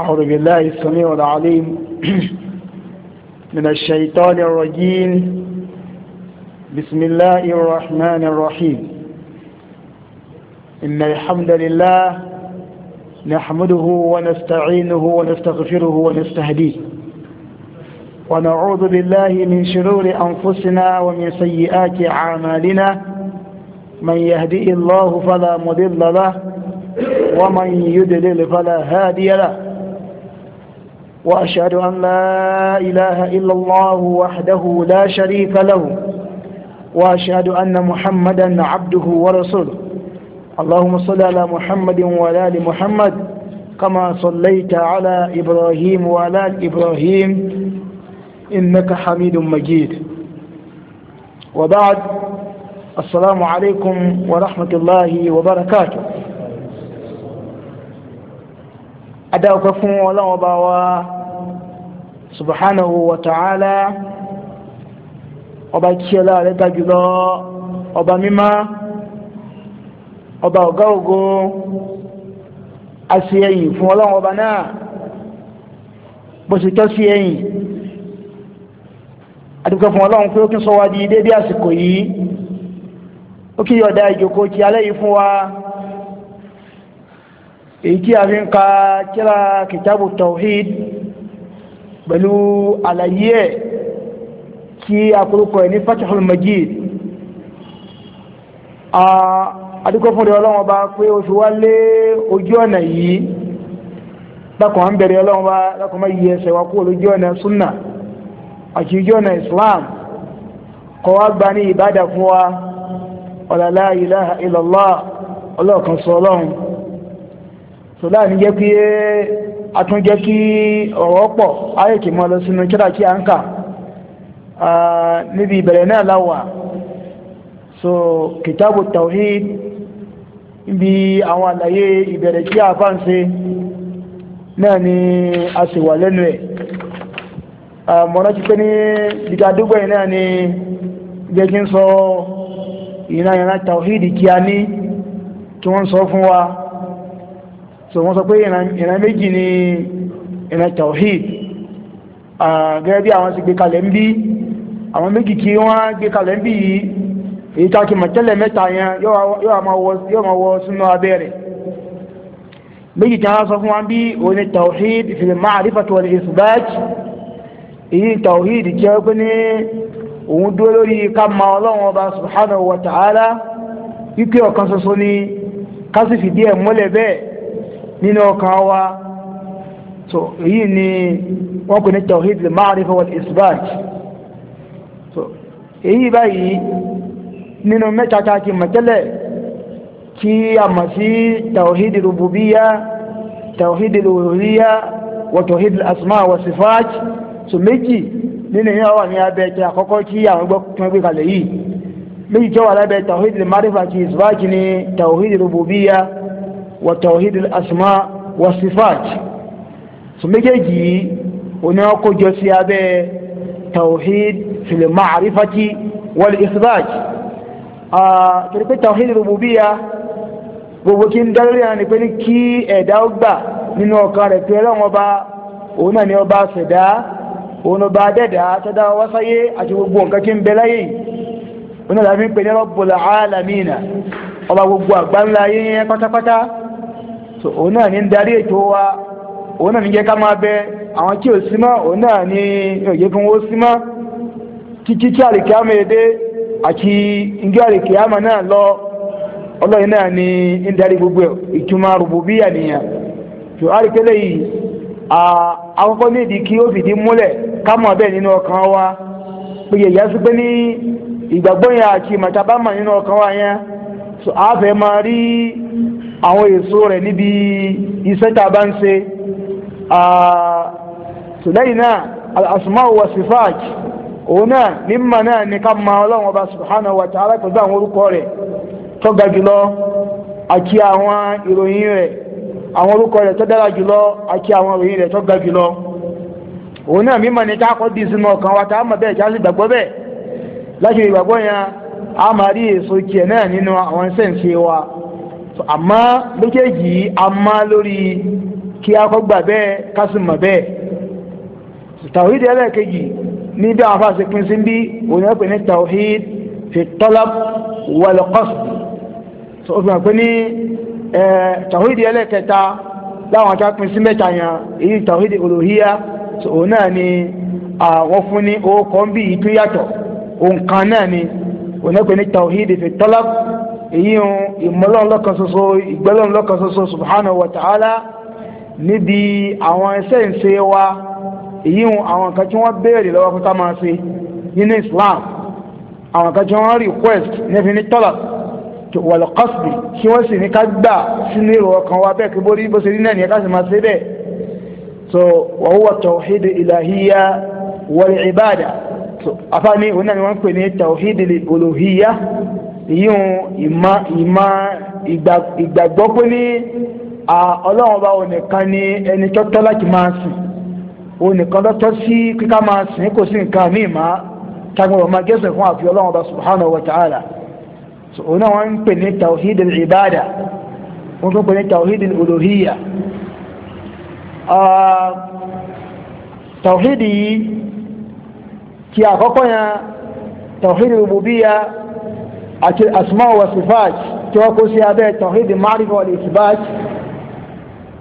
أعوذ بالله السميع العليم من الشيطان الرجيم بسم الله الرحمن الرحيم إن الحمد لله نحمده ونستعينه ونستغفره ونستهديه ونعوذ بالله من شرور أنفسنا ومن سيئات أعمالنا من يهدئ الله فلا مضل له ومن يدلل فلا هادي له وأشهد أن لا إله إلا الله وحده لا شريك له وأشهد أن محمدا عبده ورسوله اللهم صل على محمد وعلى آل محمد كما صليت على إبراهيم وعلى آل إبراهيم إنك حميد مجيد وبعد السلام عليكم ورحمة الله وبركاته adáwọ̀pẹ́ fún ọlọ́wọ́ subhanahu wa ta'ala ọba tí ọlá rẹ̀ ga jùlọ ọba mímá ọba ọ̀gá ògo àṣì ẹ̀yìn fún ọlọ́run ọba náà bó ṣe tọ́ sí ẹ̀yìn àdúgbò fún ọlọ́run pé ó kí ń sọ wá di dédé àsìkò yìí ó kí yọ̀ọ̀dá ìjókòó ti alẹ́ yìí fún wa èyí tí a fi ń ka kíra kìtàbù tawhid pẹ̀lú àlàyé ẹ̀ kí akorúkọ ẹ̀ ní fatahul majid adúgbò fúnra ọlọ́run ọba pé oṣù wa lé ojú ọ̀nà yìí lákọ̀ọ́ ń bẹ̀rẹ̀ ọlọ́run wa lákọ̀ọ́ má yí ẹsẹ̀ wa kúrò lójú ọ̀nà sunna àti ojú ọ̀nà islam kọ́ wa gba ní ìbádà fún wa ọ̀làlá ilaha illallah ọlọ́ọ̀kan sọ ọlọ́run atúnjẹ́ kí ọ̀rọ̀ pọ̀ ayé kì í mọ́ lọ sínú kíra kí à ń kà níbi ìbẹ̀rẹ̀ náà láwà so kìtàbù tawhid níbi àwọn àlàyé ìbẹ̀rẹ̀ kí àfa ń ṣe náà ni a sì wà lẹ́nu ẹ̀ mọ̀nà ti pé ní ìdádúgbò yìí náà ni jẹ́ kí n sọ ìran ìran tawhid kí ní kí wọ́n sọ fún wa so wọ́n sọ pé ìran méjì ni ìran tawhid gẹ́gẹ́ bí àwọn ti gbé kalẹ̀ ń bí àwọn méjì kí wọ́n gbé kalẹ̀ ń bí yìí èyí tá a ti mọ̀ tẹ́lẹ̀ mẹ́ta yẹn yóò máa wọ sínú abẹ́ rẹ̀ méjì tí wọ́n sọ fún wa bí òun ni tawhid fil ma'rifati wal isbat èyí tawhid jẹ́ pé ní òun dúró lórí ká ma ọlọ́run ọba subhanahu wa ta'ala wípé ọ̀kan ṣoṣo ni ká sì fìdí ẹ̀ múlẹ̀ bẹ́ẹ̀ nínú ọkàn wa so èyí ni wọ́n kò ní tawhid lè máàrífà wal isbat so èyí báyìí nínú mẹ́ta tá a ti a mọ̀ sí tawhid rububiya tawhid uluhiyya wa tawhid asma wa sifat so méjì nínú yìí wà ní abẹ́ tẹ àkọ́kọ́ tí àwọn gbọ́ tún gbé kalẹ̀ yìí méjì tó wà lábẹ́ tawhid lè máàrífà ti isbat ni tawhid rububiya wa tawhid al-asma wa sifat so méjèèjì oní wọn kó jọ sí abẹ́ tawhid fil ma'rifati wal ithbat torí pé tawhid rububiya gbogbo kí n dárí náà ni pé ní kí ẹ̀dá ó gbà nínú ọkàn rẹ̀ pé ọlọ́run ọba òun náà ni ọba ṣẹ̀dá òun ọba adẹ́dá tọ́dá wá sáyé àti gbogbo nǹkan kí n bẹ láyé òun náà láfi ń pè ní Rabbul Alamina ọba gbogbo àgbáńlá yẹn pátápátá. so òun náà ní ń darí ètò wa òun náà ní jẹ́ ká máa bẹ àwọn tí ò sí mọ́ òun náà ní òye fún wọn ó sí mọ́ títí tí àlìkíámà èdè àti ìjọ àlìkíámà náà lọ gbogbo ìtumọ̀ rùbùbíyà nìyẹn so àlìkẹ́lẹ́ yìí àkọ́kọ́ nídìí kí ó fìdí múlẹ̀ ká mọ̀ bẹ́ẹ̀ wa pé yẹ̀yẹ́ sí pé ní aki yẹn àti màtàbámà nínú wa so àwọn èso rẹ̀ níbi iṣẹ́ tá a bá ń ṣe lẹ́yìn náà asma wa sifat òun náà mímọ̀ náà ní ká mọ ọlọ́run ọba subhanahu wa ta'ala pẹ̀lú àwọn orúkọ rẹ̀ tó ga jùlọ àti àwọn ìròyìn rẹ̀ àwọn orúkọ rẹ̀ tó dára jùlọ àti àwọn wa ta a bẹ́ẹ̀ kí a sì gbàgbọ́ bẹ́ẹ̀ láti ìgbàgbọ́ yẹn a máa rí èso náà nínú àwọn sẹ́ǹsì wa. àmọ́ méjèèjì a má lórí kí a kọ́ gbà bẹ́ẹ̀ ká sì mọ̀ bẹ́ẹ̀ tàwídìí ẹlẹ́ẹ̀kejì ní bí àwọn afáàsì pín sí bí òun ẹ̀pẹ̀ ní tàwíd fi talab wal qasd so ó fi hàn pé ní tàwídìí ẹlẹ́ẹ̀kẹta láwọn ajá pín sí mẹ́ta yẹn èyí tàwídìí olóhíyá so òun náà ni àwọn fún ní orúkọ ń bí ìtúyàtọ̀ òǹkan náà ni òun ẹ̀pẹ̀ ní tàwíd fi talab èyí ń ìmọ̀lọ́n lọ́kan ṣoṣo ìgbẹ́lọ́n lọ́kan ṣoṣo subhanahu wa ta'ala níbi àwọn ẹsẹ̀ ń ṣe wa èyí ń àwọn nǹkan tí wọ́n béèrè lọ́wọ́ fún ká máa ṣe nínú Islam àwọn nǹkan tí wọ́n request níbi ní tọ́lá wal qasdi kí wọ́n sì ní ká gbà sínú èrò ọkàn wa bẹ́ẹ̀ kí bó rí bó ṣe rí náà nìyẹn ká sì máa ṣe bẹ́ẹ̀ so wa huwa tawhid ilahiyya wal ibada so afáàní òun náà ni wọ́n pè ní tawhid uluhiyya ìyíhun ìmọ̀ ìmọ̀ ìgbàgbọ́ pé ní ọlọ́run ọba onìkan ni ẹni tọ́tọ́ láti máa sìn onìkan tọ́tọ́ sí kíká máa sìn kò sí nǹkan míì má tagbọ̀n ọmọ gẹ́sẹ̀ fún àfi ọlọ́run ọba subhanahu wa ta'ala òun náà wọ́n ń pè ní tawhid al-ibada wọ́n tún pè ní tawhid al-uluhiyya tawhid yìí ti àkọ́kọ́ yẹn tawhid al àti asma wa sifat tí wọ́n kó sí abẹ́ tawhid marifa wal isbat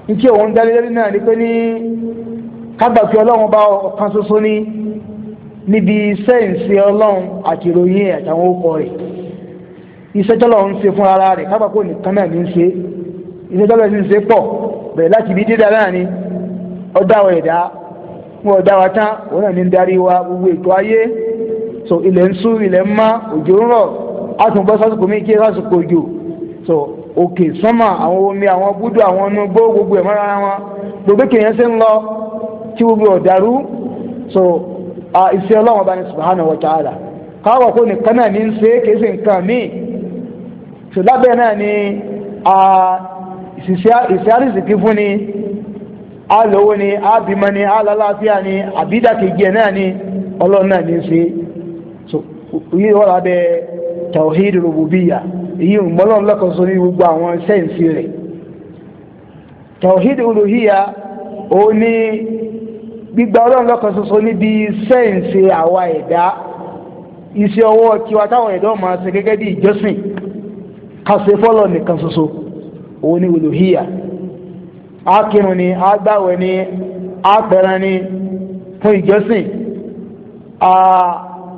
nítí òun dálélẹ́rí náà ni pé ní kábàkí ọlọ́run bá ọ̀kan ṣoṣo ní níbi sẹ́ǹsì ọlọ́run àti ìròyìn ẹ̀ àtàwọn orúkọ rẹ̀ iṣẹ́ tọ́lọ̀ ń ṣe fún ara rẹ̀ kábàkó nìkan náà ní ń ṣe iṣẹ́ tọ́lọ̀ ní ń ṣe pọ̀ bẹ̀rẹ̀ láti ibi dídá náà ni ó wa ẹ̀dá wọn ò wa tán òun náà ní ń darí wa gbogbo ètò ayé so ilẹ̀ ń sú ilẹ̀ ń mọ́ òjò ń rọ̀ a tún bọ́ sásìkò mi kí sásìkò jò so òkè sánmà àwọn omi àwọn búdú àwọn ọnú gbó gbogbo ẹ̀ mọ́ra wọn gbogbo kìnìyàn ṣe ń lọ tí gbogbo ọ̀dàrú so ìṣe ọlọ́wọ́n bá ní subhanahu wa ta'ala káwọ̀ kó nìkan náà ní ń ṣe kìí ṣe nǹkan míì so lábẹ́ náà ni ìṣe àrísìkí fún ni a lówó ni a bímọ ni a lálàáfíà ni àbídàkejì ẹ̀ náà ni ọlọ́run náà ní ń ṣe so yíyí wọ́n lábẹ́ tawhid rububiya èyí ń gbọ́ lọ́nà lọ́kàn sórí gbogbo àwọn sẹ́ǹsì rẹ̀ tawhid uluhiya ó ní gbígba ọlọ́run lọ́kàn ṣoṣo níbi sẹ́ǹsì àwa ẹ̀dá iṣẹ́ ọwọ́ tiwa táwọn ẹ̀dá máa ṣe gẹ́gẹ́ bí ìjọsìn kàṣe fọ́lọ̀ nìkan ṣoṣo òun ni uluhiya akírun ni agbáwẹ̀ ni apẹran ni fún ìjọsìn.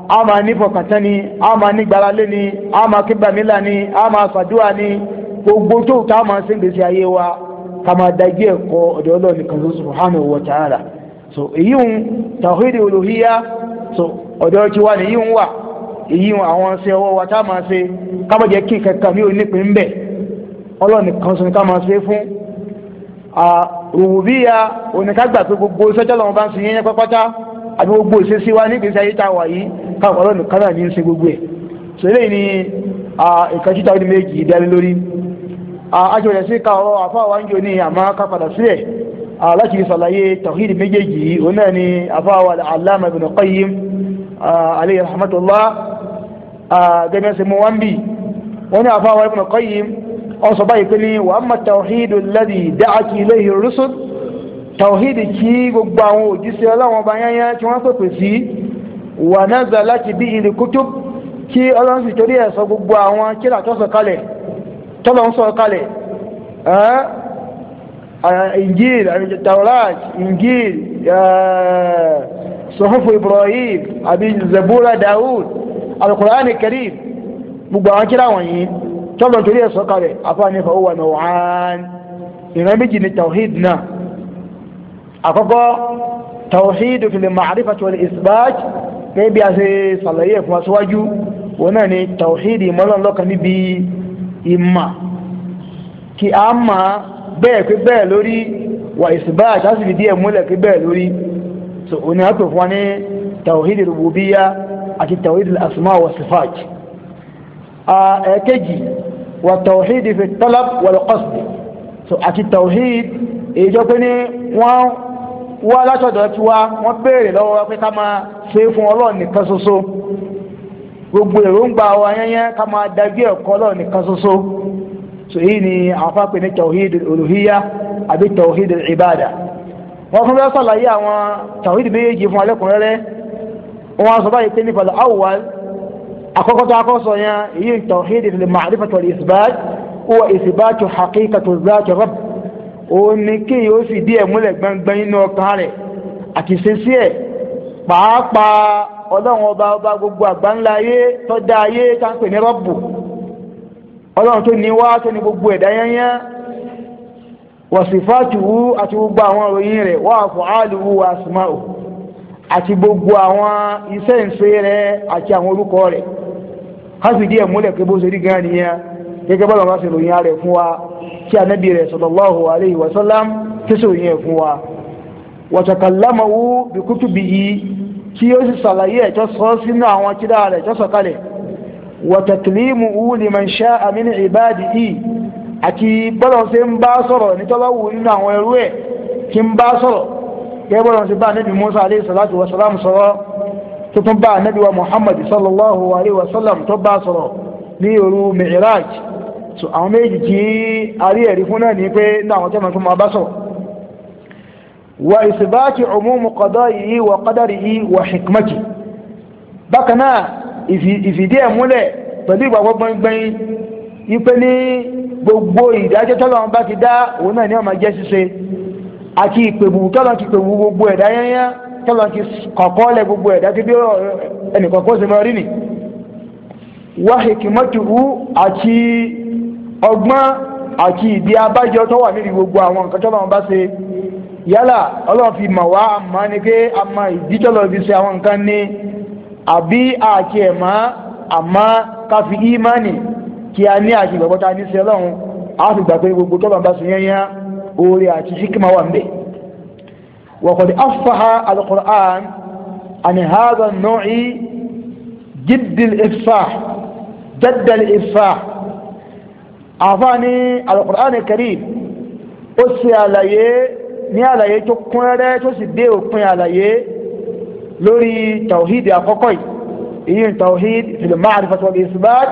a máa nífọkàntán ni a máa nígbàlálé ni a máa kébàmílà ni a máa fàdúrà ni gbogbo tó tá a máa ṣe gbèsè ayé wa ká máa dájú ẹ̀kọ́ ọ̀dọ̀ Ọlọ́run nìkan wa ta'ala so èyí ń tawhid olùhíyá so ọ̀dọ̀ tí wà ní yìí ń wà èyí ń àwọn ṣe wa tá a máa ṣe ká má jẹ́ kí kankan mi ò ń bẹ̀ Ọlọ́run nìkan sọ ni ká máa ṣe fún oníkàgbà pé gbogbo gbogbo ìṣesí wa ayé káwọn ọlọ́run kan náà ní í ṣe gbogbo ẹ̀ so eléyìí ni ìkànjú táwọn ní méjì dání lórí àjọyọ̀ sí káwọn àfáwọn àjọ ní àmọ́ ká padà sílẹ̀ láti ṣàlàyé tawhid méjèèjì òun náà ni àfáwọn al-allama ibn qayyim alayhi rahmatullah gẹ́gẹ́ sí mu wọ́n bì wọ́n ní àfáwọn ibn qayyim wọ́n sọ báyìí pé ní wa amma tawhidu alladhi da'at ilayhi ar-rusul kí gbogbo àwọn òjíṣẹ́ ọlọ́wọ́n bá yányá tí wọ́n pèpè sí wa nazalat bihi al-kutub kí ọlọ́run sì torí ẹ̀ sọ gbogbo àwọn kíra tó sọ kalẹ̀ tọ́lọ̀ ń sọ kalẹ̀ injil taurat injil sọ̀húfù ibrahim àbí zabura daoud alukur'ani karim gbogbo àwọn kíra wọ̀nyí tọ́lọ̀ torí ẹ̀ sọ kalẹ̀ afáàní fa huwa naw'an ìran méjì ni tawhid náà àkọ́kọ́ tawhid fil ma'rifati wal isbat gẹ́gẹ́ bí a ṣe ṣàlàyé fún aṣáájú wọn náà ni tàwíìdì ìmọ̀lọ́n lọ́kàn níbi ìmà kí a mà bẹ́ẹ̀ pé bẹ́ẹ̀ lórí wà ìsìnbá àṣàṣìbí díẹ̀ múlẹ̀ pé bẹ́ẹ̀ lórí so òní a pè fún wa ní tàwíìdì rúbùbíyà àti tàwíìdì asmá wa sifaj ẹ̀ẹ́kejì wà tàwíìdì fi talab wal qasd so àti tàwíìdì èyí jọ pé ní wọ́n wá látọ̀dọ̀ tí wá wọ́n béèrè lọ́wọ́ pé ká máa ṣe é fún ọlọ́run nìkan ṣoṣo gbogbo èròǹgbà wa yẹnyẹn ká máa dagbé ẹ̀kọ́ ọlọ́run nìkan ṣoṣo so èyí ni àwọn fápẹ́ ní tawhid olùhíyá àbí tawhid ìbàdà wọ́n fún bẹ́ẹ̀ sàlàyé àwọn tawhid méjèèjì fún alẹ́kùnrẹ́rẹ́ wọ́n sọ báyìí pé nípa awwal àkọ́kọ́ tó akọ́sọ yẹn èyí tawhid fil òun ni kéèyàn ó sì díẹ̀ múlẹ̀ gbangban inú ọkàn rẹ̀ àti ṣeṣí ẹ̀ pàápàá ọlọ́run ọba ọba gbogbo àgbáńlá ayé tọ́da ayé táǹpẹ̀ ní rọ́bù ọlọ́run tó ní wá tó ní gbogbo ẹ̀dá yányá wàsífàtìwú àti gbogbo àwọn òròyìn rẹ̀ wà fún àlùwù àsùmáwò àti gbogbo àwọn iṣẹ́ ìṣe rẹ̀ àti àwọn orúkọ rẹ̀ ká múlẹ̀ pé ṣe rí gan nìyẹn gẹ́gẹ́ bọ́lá wọn bá ṣe ròyìn rẹ̀ tí anabi rẹ̀ sallallahu alayhi wa sallam tẹsán yẹn fún wa wàtàkàlámàwú bìkútù bìyí tí ó sì sàlàyé ẹ̀tọ́ sọ sínú àwọn tírà rẹ̀ ẹ̀tọ́ sọ̀kalẹ̀ wàtàkìlímù wú ni man ṣá àmínú ìbáàdì yìí àti bọ́lá ṣe ń bá sọ̀rọ̀ nítọ́lá wù nínú àwọn ẹrú ẹ̀ kí ń bá sọ̀rọ̀ kẹ́ bọ́lá ṣe bá anabi musa aleyhi salatu wa salam sọ̀rọ̀ tó bá anabi wa muhammad sallallahu alayhi wa sallam tó bá sọ̀rọ̀ ní òru mi'raj so àwọn méjì tí a rí ẹ̀rí fún náà ni pé ní àwọn tẹ́mọ̀ tó máa bá sọ̀rọ̀ wa ìsìbáàkì umumu qada'ihi wa qadarihi wa hikmati bákan náà ìfìdí ẹ̀ múlẹ̀ pẹ̀lú ìgbàgbọ́ gbọ́ngbọ́n ipe ní gbogbo ìdájọ́ tọ́lọ́run bá ti dá òun náà ní ó máa jẹ́ ṣíṣe àti ìpèbù tọ́lọ́run ti pèbù gbogbo ẹ̀dá yányán tọ́lọ́run ti kọ̀kọ́ lẹ gbogbo ẹ̀dá tí bí ẹnìkọ̀kọ́ ṣe máa rí nì wa hikmatuhu àti ọgbọ́n àti ìdí abájọ tó wà níbi gbogbo àwọn nǹkan tó lọ́wọ́ bá ṣe yálà ọlọ́run fi mọ̀ wá àmọ́ ni pé àmọ́ ìdí tó lọ́ọ́ fi ṣe àwọn nǹkan ni àbí àti ẹ̀mọ́ àmọ́ ká fi ímánì kí a ní àti ìgbàgbọ́ ta ní sí ọlọ́run a sì gbà pé gbogbo tó lọ́ọ́ bá ṣe yẹn oore àti síkìmọ̀ wà ń bẹ̀. وقد أفصح القرآن عن هذا النوع جد الإفصاح جد الإفصاح àfáàní alukur'ani karim ó ṣe àlàyé ní àlàyé tó kúnrẹ́rẹ́ tó sì dé òpin àlàyé lórí tawhid àkọ́kọ́ yìí ìyẹn tawhid fil ma'rifati wal isbat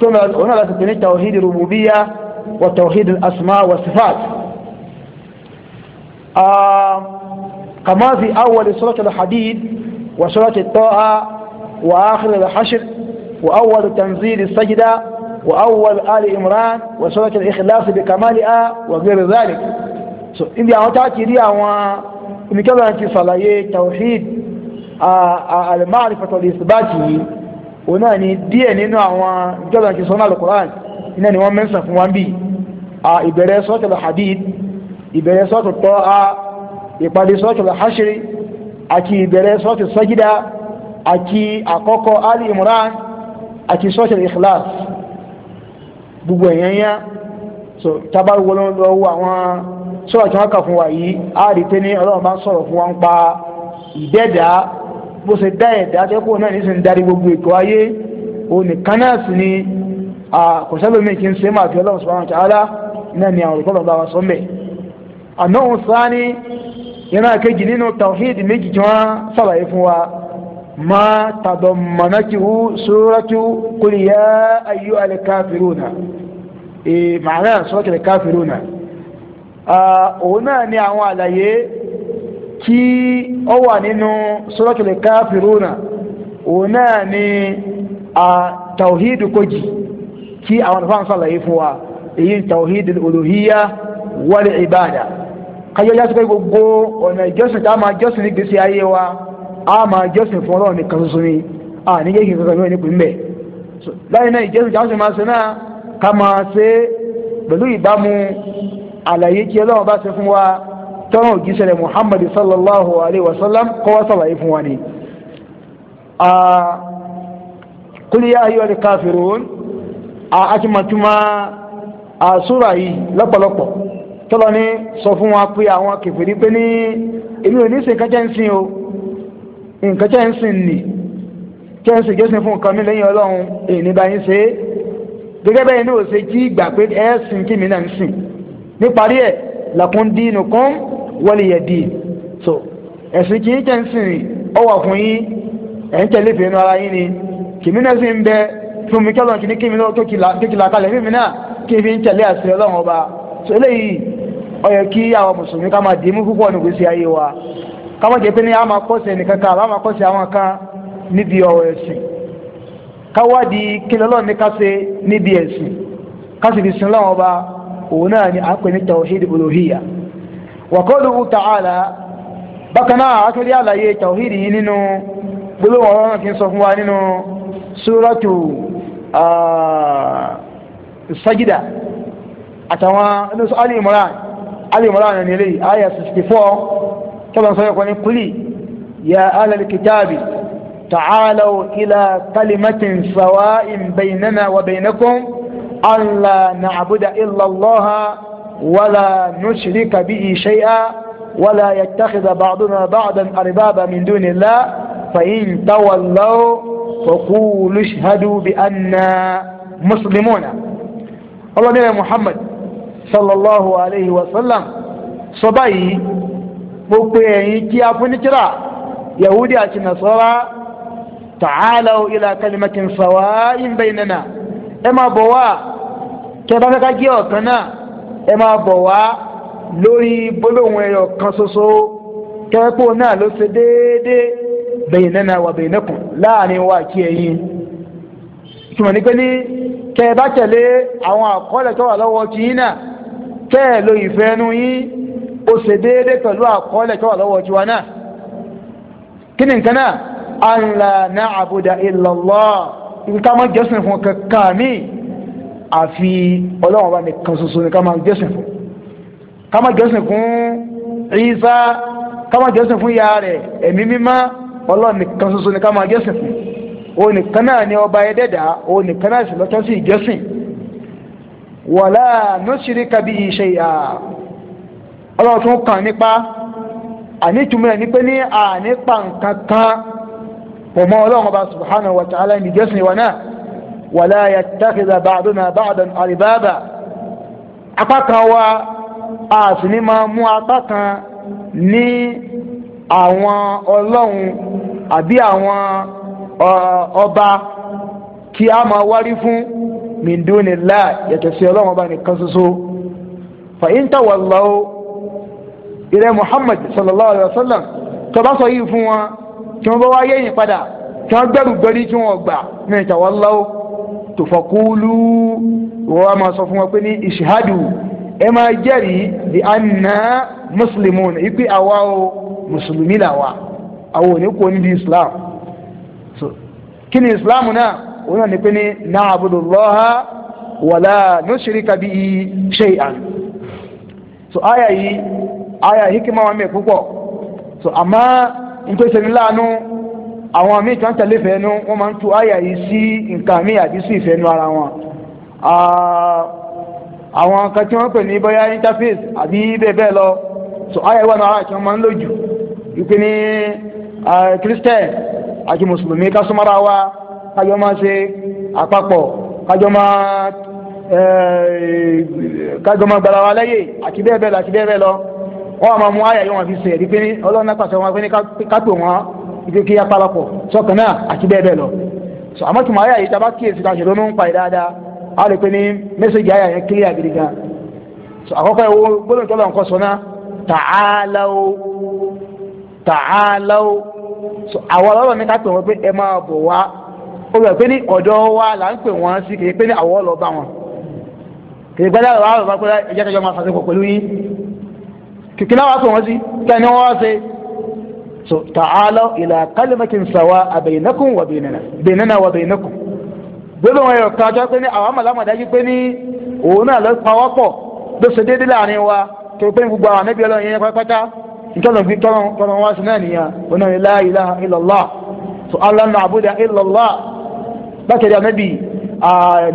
tó lọ òun náà lọ́sọ̀tún ní tawhid rububiya wa tawhid asma wa sifat. kama fi awwal surat al wa surat taa wa akhir al wa awwal tanzil as وأول آل عمران وسورة الإخلاص بكمالها وغير ذلك so ibi àwọn tá a ti rí àwọn oníkẹ́lẹ́ ti ṣàlàyé tawhid al-ma'rifatu al-isbati yìí òun náà ni díẹ̀ nínú àwọn ìjọba ti sọ́nà al-Qur'an iná ni wọ́n mẹ́sàn fún wọn bí ìbẹ̀rẹ̀ sọ́tò hadid ìbẹ̀rẹ̀ sọ́tò tọ́ a ìpàdé sọ́tò hashiri àti ìbẹ̀rẹ̀ sọ́tò sajida àti àkọ́kọ́ ali imran àti sọ́tò ikhlas gbogbo ẹ̀yàn yẹn so tábà wọlé lọ́wọ́ àwọn sọ́wọ́ tí wọ́n kà fún wa yìí á rí pé ní ọlọ́run bá ń sọ̀rọ̀ fún wa ń pa ìdẹ́ẹ̀dá bó ṣe dá ẹ̀dá tẹ́kọ̀ náà ní sì ń darí gbogbo ètò ayé òun nìkan náà sì ni kò sábẹ́ mi kì í ṣe máa fi ọlọ́run subhanahu wa ta'ala náà ni àwọn olùkọ́ bàbá wa sọ mẹ́. àná òun sáà ní yẹn kejì nínú tawhid méjì tí wọ́n sàlàyé fún wa ما تضمنته سورة قل يا أيها الكافرون إيه معناها سورة الكافرون هنا آه نعم عليه كي أو ننو سورة الكافرون هنا ني آه توحيد كوجي كي أو نفهم صلى الله إيه توحيد الألوهية والعبادة قال يا سيدي gbogbo ọ̀nà ìjọsìn tá a máa jọsìn nígbèsè a máa jọ́sìn fún ọlọ́run nìkan ṣoṣo ni a ní yé kí n kankan ní ìpín bẹ́ẹ̀ lẹ́yìn náà ìjọ́sìn tí a sì máa ṣe náà ká máa ṣe pẹ̀lú ìbámu àlàyé tí ọlọ́run bá ṣe fún wa tọ́rọ̀ òjíṣẹ́ rẹ̀ Muhammad sallallahu alayhi wa sallam kọ́ wá sàlàyé fún wa ni. kúlí yá ayé ọ̀rẹ́ káfíròn a ti máa túmọ̀ àsúrà yìí lọ́pọ̀lọpọ̀ tọ́lọ́ ní sọ fún wa pé àwọn kèfèrí pé ní èmi ò ní ṣe ń sin o nǹkan tẹ́ ń sìn nì tẹ́ ń sìn jọ́sìn fún nǹkan mi lẹ́yìn ọlọ́run èyí bá yín ṣe é gẹ́gẹ́ bẹ́ẹ̀ ni ò ṣe jí ìgbà pé ẹ sìn kí mi náà ń sìn níparí ẹ̀ làkún dínú kan wọlé yẹ dín so ẹ̀sìn kì í tẹ́ ń sìn ọ wà fún yín ẹ̀ ń tẹ̀lé fèénu ara yín ni kìmí náà sì ń bẹ fún mi kẹ́lọ́n kìíní kí mi náà kékìlá kalẹ̀ fún mi náà kí mi ń tẹ̀lé àṣẹ ọlọ́run ọba so eléyìí ó yẹ kí àwọn mùsùlùmí ká máa dìímú púpọ̀ nígbèsí ayé wa káwọn jẹ́ pé ní àwọn akọ́sẹ̀ ẹnìkan ama àbáwọn àwọn kan níbi ọ̀rọ̀ ẹ̀sìn káwádìí kí lọ́lọ́run níbi ẹ̀sìn ká sì fi òun náà ni à ní tawhid wa qawluhu ta'ala bákan náà àtúndí àlàyé tawhid yìí nínú gbólóhùn ọ̀rọ̀ náà kì í sọ fún wa nínú Ali كما سيقول قل يا اهل الكتاب تعالوا الى كلمه سواء بيننا وبينكم الا نعبد الا الله ولا نشرك به شيئا ولا يتخذ بعضنا بعضا اربابا من دون الله فان تولوا فقولوا اشهدوا بانا مسلمون الله يا محمد صلى الله عليه وسلم صبي mo pe ẹ̀yin kí a yahudi àti nasara ta'alaw ila kalimatin ẹ máa bọ̀ wá kẹ́ bá ẹ máa bọ̀ wá lórí gbólóhùn ẹyọ kan soso, kẹ́kọ̀ọ́ náà ló ṣe déédéé baynana wa baynakum láàrin wa kí ẹ̀yin ìtumọ̀ ní pé tẹ̀lé àwọn àkọọ́lẹ̀ tó wà lọ́wọ́ ó ṣe déédéé pẹ̀lú àkọọ́lẹ̀ tó wà lọ́wọ́ tiwa náà kí ni nǹkan náà alla na'buda illallah ibi ká máa jọ́sìn fún kankan mi àfi ọlọ́run ọba nìkan ṣoṣo ni ká máa jọ́sìn fún ká máa jọ́sìn fún Ìsá ká máa jọ́sìn fún ìyá rẹ̀ ẹ̀mí mímọ́ ọlọ́run nìkan ṣoṣo ni máa jọ́sìn fún òun nìkan náà ni ọba ẹ̀dẹ́dà òun nìkan náà sì lọ́tọ́ sí ìjọ́sìn wala nushrika bihi shay'a ọlọ́run tún kàn nípa àní ìtumọ̀ ẹ̀ ní pé ní ànípa nǹkan kan pọ̀ mọ́ ọlọ́run ọba subhanahu wa ta'ala ní jésù ìwà náà wala yattakhidha ba'duna ba'dan arbaba apá kan wa a sì ní máa mú apá kan ní àwọn ọlọ́run àbí àwọn ọba kí a máa wárí fún min dunillah yàtọ̀ sí ọlọ́run ọba nìkan ṣoṣo fa in ìrẹ́ Muhammad sallallahu alayhi wa sallam tó bá sọ yìí fún wọn tí wọ́n bá wá yẹ̀yìn padà tí wọ́n gbẹ̀rù gbẹ̀rí tí wọ́n gbà ní ìtawọ́láwó tó fọkúlù wọ́n á máa sọ fún wọn pé ní ìṣìhádù ẹ máa jẹ́rìí di anna muslimun ipe àwa o mùsùlùmí làwa àwọn òní kò ní di Islam kí ni Islam náà òun náà ni pé ní na'budullaha wala nushrika bihi shay'an so aya yìí aya hikima wọn mi púpọ̀ so àmọ́ nítorí láàánú àwọn míì mi ń tẹ̀lé fe wọ́n máa ma tu aya yìí sí nǹkan míì àti fe ìfẹ́nu ara wọn àwọn kan tí wọ́n pè ní bóyá interface àbí lọ so aya wà náà àti wọ́n máa loju lò jù christian wa wa wọ́n máa mú àyà yóò wọn fi sè ẹ̀rí pé ní ọlọ́run náà pàṣẹ wọn pé ní kátó wọn ibi kí apalapọ̀ sọkàn náà àti bẹ́ẹ̀ bẹ́ẹ̀ lọ. sọ àmọ́ tùmọ̀ àyà yìí tábà kíyèsí ta ṣèlú ló ń pa ìdáadáa á lè pé ní mẹ́sẹ̀gì àyà yẹn kílíà gidi gan. sọ àkọ́kọ́ ìwo gbólóhùn tó lọ nǹkan sọ náà tààlàó tààlàó sọ àwọn ọlọ́run ní kátó wọn pé ẹ máa bọ̀ wá ó rẹ̀ pé ní ọ̀dọ́ wa là ń pè wọ́n sí kì í pé ní àwọ̀ lọ bá wọn kì í gbẹ́dá kìkì láwa pè wọ́n sí kẹ́ni wọ́n wá sí. so ta'ala ila kalimatin sawa abaynakum wa baynana baynana wa baynakum. gbogbo wọn yọ kájọ pé ní àwọn àmàlámà dájú pé ní òun náà lọ pawọ́pọ̀ ló ṣe déédéé láàrin wa tó pé gbogbo àwọn anábìyàn lọ yẹn pátápátá ntọ́lọ̀ fi wá sí náà nìyẹn oná ni la ilaha illallah so allah na'buda illallah bákẹ́rẹ́ anábì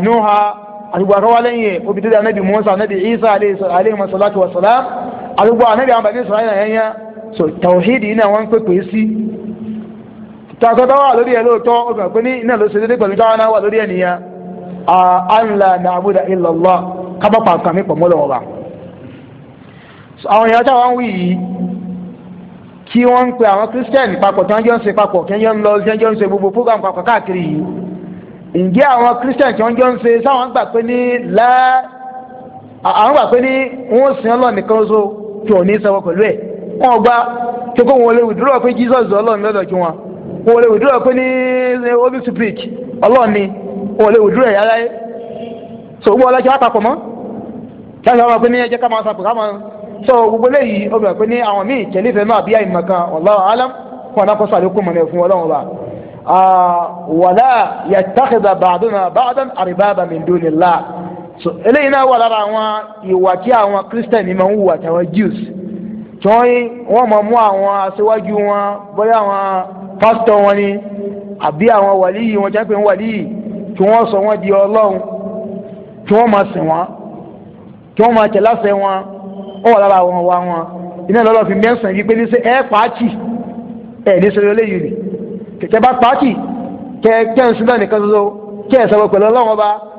nuha àti gbàgbọ́ wa lẹ́yìn obìnrin anábì musa anábì isa alayhi salatu wa salam arúgbó anábì àwọn bàbá ìsọ̀rọ̀ yẹn yẹn so tawhid iná wọn ń pèpè sí tàkọ́tà wà lórí ẹ̀ lóòótọ́ obìnrin pé ní iná ló ṣe dédé pẹ̀lú táwọn náà wà lórí ẹ̀ nìyẹn anla na'budu illallah kábà pàǹkà mi pọ̀ mọ́lọ̀ ọba àwọn èèyàn táwọn wí yìí kí wọ́n ń pe àwọn kírísítẹ́nì papọ̀ tí wọ́n jọ ń ṣe papọ̀ kí wọ́n jọ ń lọ tí wọ́n jọ ń ṣe gbogbo program papọ̀ káàkiri yìí ǹjẹ́ àwọn kírísítẹ́nì tí wọ́n jọ ń ṣe sáwọn gbà pé ní láà àwọn gbà pé ní wọ́n sìn ọ́ lọ nìkan ṣoṣo tí ò ní sanwó pẹ̀lú ẹ̀ wọ́n gba tí kò wọ́n lè withdraw pé Jesus ọlọ́run lọ́dọ̀ kí wọn wọ́n lè withdraw pé ní holy spirit ọlọ́run ni wọ́n lè withdraw ẹ̀ yára ẹ̀ so gbogbo ọlọ́jọ́ àpapọ̀ mọ́ kí wọ́n pé ní ẹjẹ́ ká sàpò ká máa gbogbo léyìí ó pé ní àwọn míì tẹ̀lé fẹ́ máa bí àyìnbá kan wallahu alam fún anákọ́sọ àlékún mọ̀nà ẹ̀fún ọlọ́run ọba ah, wàlá yàtàkìdà ba'duna ba'dan arbaba min dunillah so eléyìí náà wà lára àwọn ìwà tí àwọn kírísítẹ̀nì máa ń hùwà tàwọn jews tí wọ́n máa mú àwọn aṣíwájú wọn bóyá àwọn pásítọ̀ wọn ni àbí àwọn wàlíyì wọn jápé ń wàlíyì tí wọ́n sọ wọ́n di ọlọ́run tí wọ́n máa sìn wọ́n tí wọ́n máa tẹ̀ láṣẹ wọn ó wà lára àwọn wa wọn iná lọ́lọ́ fi mẹ́sàn-án yìí pé ní sẹ́ ẹ pàákì ẹ ní sọ eléyìí rè kẹ̀kẹ́ bá pàákì kẹ́ kẹ́ ń sin náà nìkan ṣoṣo kẹ́ ẹ̀ sọ pẹ̀lú ọlọ́run ọba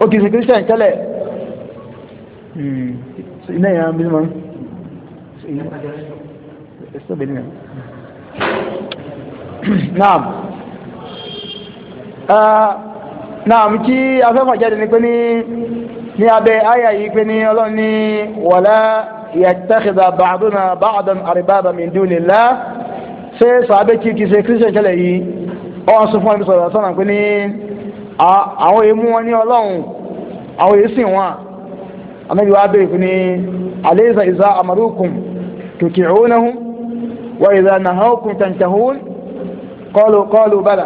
ó kì í ṣe christian tẹ́lẹ̀ hmm. iná yẹn bí mọ́ ẹ̀sọ́ bẹ̀rẹ̀ náà. naam ah, naam kí afẹ́fà jáde ni pé ní ní abẹ́ àyà yìí pé ní ọlọ́run ní wàlá yàtàkìdà bàdúnà bàdàn àrìbàbà min dunillah ṣé sàbẹ̀ kí kì í ṣe christian tẹ́lẹ̀ yìí ọ̀ sọ fún ẹni sọ̀rọ̀ sọ̀rọ̀ pé ní. àwọn èèmú wọn ní ọlọ́run àwọn èèsìn wọn anabi wa bẹ̀rẹ̀ fún ni alaysa iza amarukum tuki'unahum wa iza nahawkum tantahun qalu qalu bala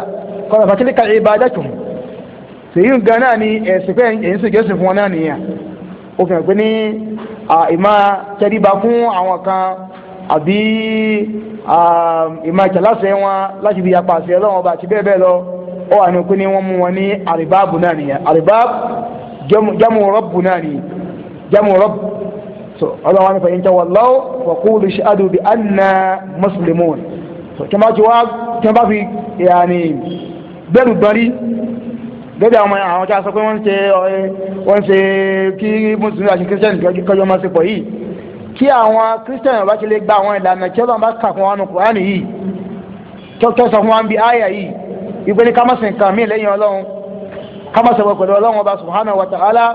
qala fatilka ibadatuhum sèyí gan náà ni ẹ̀sìn pé èyí fún wọn náà nìyẹn ó fi hàn pé ní ìmọ̀ tẹríba fún àwọn kan àbí ìmọ̀ ìtàláṣẹ wọn láti fi apàṣẹ ọlọ́run ọba ó wà ní kú ní wọ́n mú wọn ní àríbáàbù náà nìyẹn àríbáàbù jamu rọ́bù náà nìyẹn jamu rọ́bù so ọlọ́wọ́ ní fẹ̀yìntà wàlláwò wàkúlù ṣáàdù bí anna mùsùlùmùn so kí n bá ti wá kí n bá fi yaani gbẹrù dọ́rí gẹ́gẹ́ àwọn àwọn tí a sọ pé wọ́n ń ṣe wọ́n ń ṣe kí mùsùlùmí àti kírísítẹ́nì kọjọ́ máa ṣe pọ̀ yìí kí àwọn kírísítẹ́nì bá ti lè gba àwọn ìlànà tí ọlọ́run bá kà fún wa nù kúránì yìí tó sọ ìgbé ní kámọ́sìn kan mí lẹ́yìn ọlọ́run kámọ́sìn wọ pẹ̀lú ọlọ́run ọba subhanahu wa ta'ala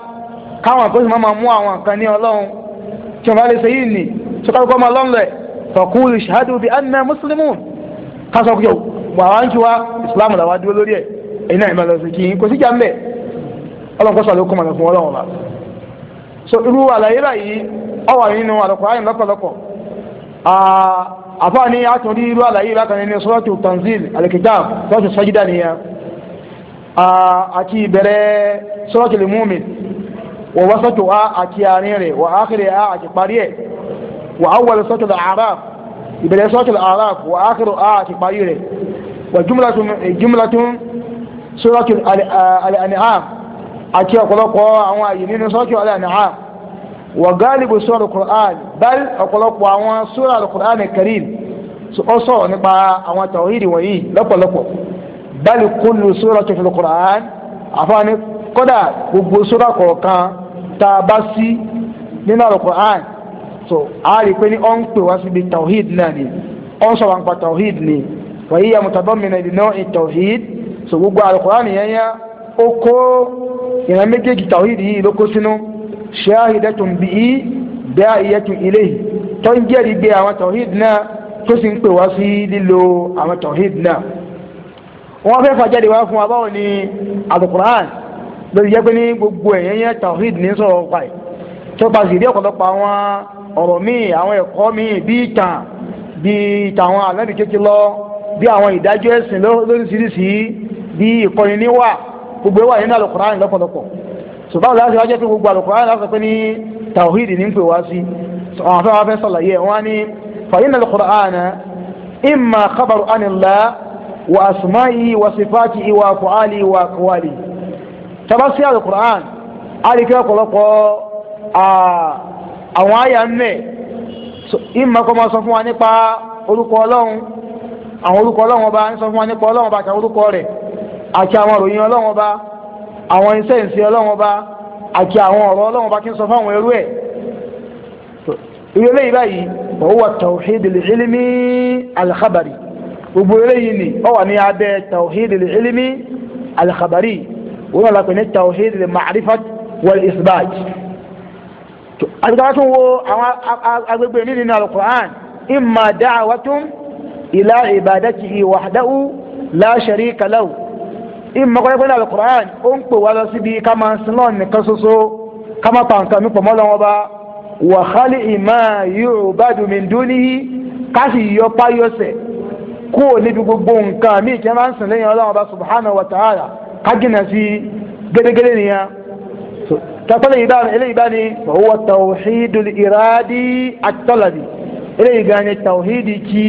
káwọn àkóso máa mú àwọn nǹkan ní ọlọ́run tí wọ́n bá lè ṣe yìí nì tó kálukọ́ ọmọ ọlọ́run rẹ̀ faqulu ishhadu bi anna muslimun kásọ̀ kújọ wàá ń tiwa ìsìlámù làwa dúró lórí ẹ̀ ẹ̀yin náà ìmọ̀lẹ́ sí kí n kò sí jà ń bẹ̀ ọlọ́run kọ́sọ̀ ló kọ́mọ̀lẹ́ fún ọlọ́run ọba so irú àlàyé báyìí ọwà nínú àlọ́kọ̀ àfa ni a tún rí irú àlàyé bákan nínú sọ́ọ̀tù tanzil alikitab sọ́ọ̀tù sajida nìyẹn àti ìbẹ̀rẹ̀ sọ́ọ̀tù limumin wà wọ́sọ̀tù a àti àárín rẹ̀ wà ákìrì a àti parí ẹ̀ wà áwọ̀lẹ̀ sọ́ọ̀tù araf ìbẹ̀rẹ̀ sọ́ọ̀tù araf wà ákìrì a àti parí rẹ̀ wà jumlatun sọ́ọ̀tù al-an'am àti ọ̀pọ̀lọpọ̀ àwọn àyè nínú sọ́ọ̀tù al-an'am wà gálíbù sọ́ọ̀tù qur'an báyìí ọ̀pọ̀lọpọ̀ àwọn sura al-Qur'an al-Karim ó sọ̀rọ̀ nípa àwọn tawhid wọ̀nyí lọ́pọ̀lọpọ̀ bal kullu surati fil Qur'an àfọwọ́ni kódà gbogbo sura kọ̀ọ̀kan tá a bá sí nínú al-Qur'an so a rí i pé ní ó ń pè wá síbi tawhid náà ni ó ń sọ̀rọ̀ nípa tawhid ni wa hiya mutadammina li naw'i tawhid so gbogbo al-Qur'an yẹn yẹn ó kó ìran méjèèjì tawhid yìí ló kó sínú shahidatan bihi da'iyatu ilayhi tó ń jẹ́rìí gbé àwọn tawhid náà tó sì ń pè wá sí lílo àwọn tawhid náà wọ́n fẹ́ fàjáde wá fún wa báwo ni alukur'an lórí jẹ́ pé ní gbogbo ẹ̀yẹ́ yẹn tawhid ní sọ̀rọ̀ pa ẹ̀ tó pa sì rí ọ̀pọ̀lọpọ̀ àwọn ọ̀rọ̀ míì àwọn ẹ̀kọ́ míì bí ìtàn bí ìtàwọn àlọ́bì kékeré lọ bí àwọn ìdájọ́ ẹ̀sìn lóríṣiríṣi bí ìkọ́ni níwà gbogbo ẹ̀wà nínú alukur'an lọ́pọ̀lọpọ̀ ṣùgbọ́n láti wájẹ́ pé gbogbo Al-Qur'an láti pé ní tawhid ní ń pè wá sí àwọn afẹ́ wọn fẹ́ sọ̀làyé wọn ni fàyín al-Qur'an imma khabaru anillah wa asma'i wa sifati wa af'ali wa aqwali tabasi al-Qur'an alikẹ́ ọ̀pọ̀lọpọ̀ àwọn àyà ń mẹ́ ìmọ̀ kọ́ máa sọ fún wa nípa orúkọ ọlọ́run àwọn orúkọ ọlọ́run ọba ń sọ fún wa nípa ọlọ́run ọba àti àwọn orúkọ rẹ̀ àti àwọn òròyìn ọlọ́run ọba àwọn iṣẹ́ ìsìn ọlọ́run ọba àti àwọn ọ̀rọ̀ ọlọ́run ọba kí n sọ fáwọn ẹrú ẹ̀ ìrẹ́lẹ̀ yìí báyìí wọ́n wà tawhidul ilmi alkhabari gbogbo eléyìí ni ó wà ní abẹ́ tawhidul ilmi alkhabari wọ́n wà lápẹ̀ ní tawhidul ma'rifat wal isbat àbíkáwá wo àwọn agbègbè nínú ní alukur'an imma da'awatun ila ibadatihi wahdahu la sharika ìmọ̀kọ́lẹ́pẹ́ náà alukur'an ó ń pè wá lọ síbi ká máa sin lọ́ọ̀ nìkan ṣoṣo ká má pa nǹkan mi pọ̀ mọ́ lọ́wọ́ bá wa khali'i ma yu'badu min dunihi ká yọ páyọ̀sẹ̀ kó o níbi gbogbo nǹkan mi ìkẹ́ máa ń sìn lẹ́yìn ọlọ́wọ́ bá subhanahu wa ta'ala ká sí gẹ́gẹ́gẹ́lẹ́ nìyẹn tọ́tọ́lẹ̀ yìí eléyìí báni huwa tawhidul iradi at eléyìí gan tawhidi kí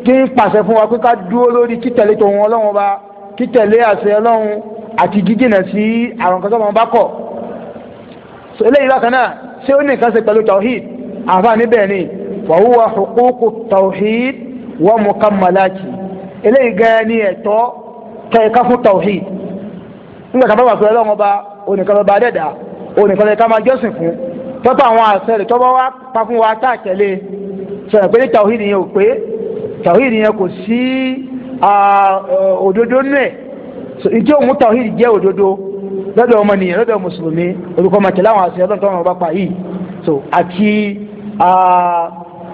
kí ń pàṣẹ fún wa pé ká dúró lórí títẹ̀lé tòun ọlọ́run ba títẹ̀lé àṣẹ ọlọ́run àti jíjìnà sí àwọn nǹkan tó wọn bá kọ̀ so eléyìí bákan náà ṣé ó ní nǹkan ṣe pẹ̀lú tawhid àfa níbẹ̀ ni wa huwa huququ tawhid wa mukammalati eléyìí gan ni ẹ̀tọ́ kẹ́ẹ̀ká fún tawhid nígbà tá a bá wà pé ọlọ́run ọba onìkan lọ́ba adẹ́dà onìkan lọ́ba máa jọ́sìn fún tọ́tọ̀ àwọn àṣẹ rẹ̀ tọ́ tawhid yẹn kò sí òdodo nù ẹ̀ ìjọ òun tawhid jẹ́ òdodo lọ́dọ̀ ọmọnìyàn lọ́dọ̀ mùsùlùmí olùkọ́ máa tẹ̀lé àwọn àṣẹ ọlọ́run tó wọn bá pa yìí so àti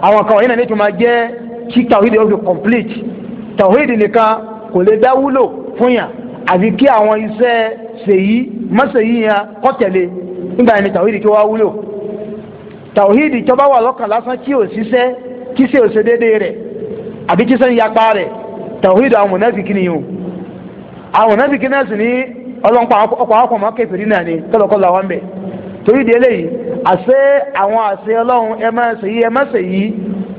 àwọn kan wọ̀nyí náà ní tó máa kí tawhid yẹn ó fi complete tawhid nìkan kò lè dá wúlò fún yàn àfi kí àwọn iṣẹ́ ṣèyí mọ́ṣẹ́yí yẹn kọ́ tẹ̀lé nígbà yẹn ni tawhid tó wá wúlò tawhid tó bá wà lọ́kàn lásán kí òṣìṣẹ́ kí ṣe òṣèdédé rẹ̀ àbí kí sẹ́yìn yapa rẹ̀ tawhid àwọn mọ̀nàfíkì nìyẹn o àwọn mọ̀nàfíkì náà sì ní ọlọ́npa ọkọ̀ àwọn ọmọ kẹfìrí náà ni tọ́lọ́kọ́lọ́ àwọn bẹ̀ torí di eléyìí àṣẹ àwọn àṣẹ ọlọ́run ẹ má ṣe yìí ẹ má ṣe yìí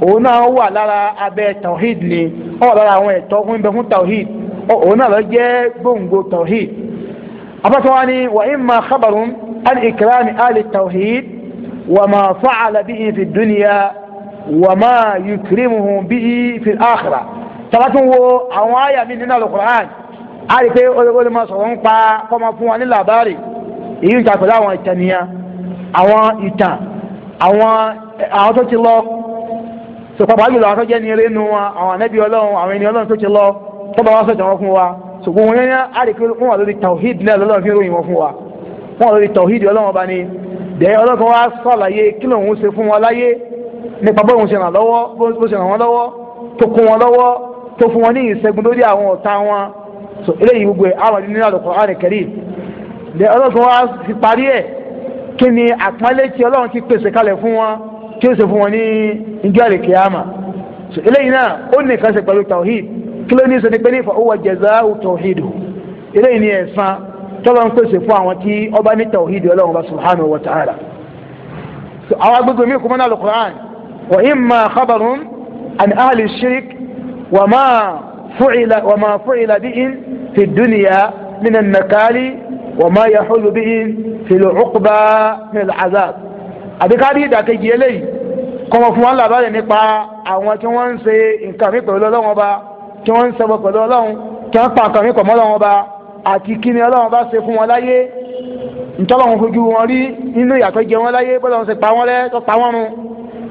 òun náà wà lára abẹ́ tawhid ni ó wà lára àwọn ẹ̀tọ́ fún ibẹ̀ fún tawhid òun náà lọ jẹ́ gbòǹgbò tawhid abátọ́wá ni wà í ma khabarun an ikrami ali tawhid wà ma fa'ala bihi fi dunya wà máa yukrimuhum bihi fil akhirah tabatun wo àwọn àyà mi nínú alukur'an a rí pé olóògbé máa sọ̀rọ̀ ń pa kọ́mọ fún wa ní làbárì èyí ń ta pẹ̀lú àwọn ìtànìyàn àwọn ìtàn àwọn àwọn tó ti lọ so pàpà jùlọ àwọn tó jẹ́ ní eré nu wọn àwọn ànábì ọlọ́run àwọn ènìyàn ọlọ́run tó ti lọ tó bá wá sọ̀tàn wọn fún wa so gbogbo yẹn a rí pé wọ́n wà lórí tawhid náà lọ́lọ́run fi ròyìn wọn fún wa wọ́n wà lórí tawhid ọlọ́run ọba ni dẹ̀ ọlọ́run wa sọ̀làyé kí lòun ṣe fún wọn láyé nípa bóun ṣe ràn lọ́wọ́ bó ṣe ràn wọ́n lọ́wọ́ tó kún wọn lọ́wọ́ tó fún wọn ní ìṣẹ́gun lórí àwọn ọ̀tá wọn so eléyìí gbogbo ẹ̀ àwọn nínú Al-Qur'an Karim lè ọlọ́sùn wa fi parí ẹ̀ kí ni àpọ́nlé tí Ọlọ́run ti pèsè kalẹ̀ fún wọn kí ó ṣe fún wọn ní ìjọ àlèkèyàmà so eléyìí náà ó ní nǹkan ṣe pẹ̀lú tawhid kí ló ní sọ ní pé ní ìfọwọ́ jaza'u tawhid eléyìí ni ẹ̀san tọ́lọ́ ń pèsè fún àwọn tí ọba ní tawhid Ọlọ́run wa subhanahu wa ta'ala so àwọn agbègbè mi kò mọ́ náà Al-Qur'an وإما خبر عن أهل الشرك وما فعل وما فعل بهم في الدنيا من النكال وما يحول بهم في العقبى من العذاب àbíkárí ìdàkejì eléyìí kọmọ fún wa lábàárẹ̀ nípa àwọn tí wọ́n ń ṣe nǹkan mi pẹ̀lú Ọlọ́run ọba tí wọ́n ń ṣẹbọ pẹ̀lú Ọlọ́run tí wọ́n ń pa nǹkan mi pọ̀ mọ́ Ọlọ́run ọba àti kí ni Ọlọ́run ọba ṣe fún wọn láyé ntọ́lọ́run fojú wọn rí nínú ìyàtọ̀ jẹ wọn láyé bọ́lá wọn ṣe pa wọn rẹ́ tó pa wọn run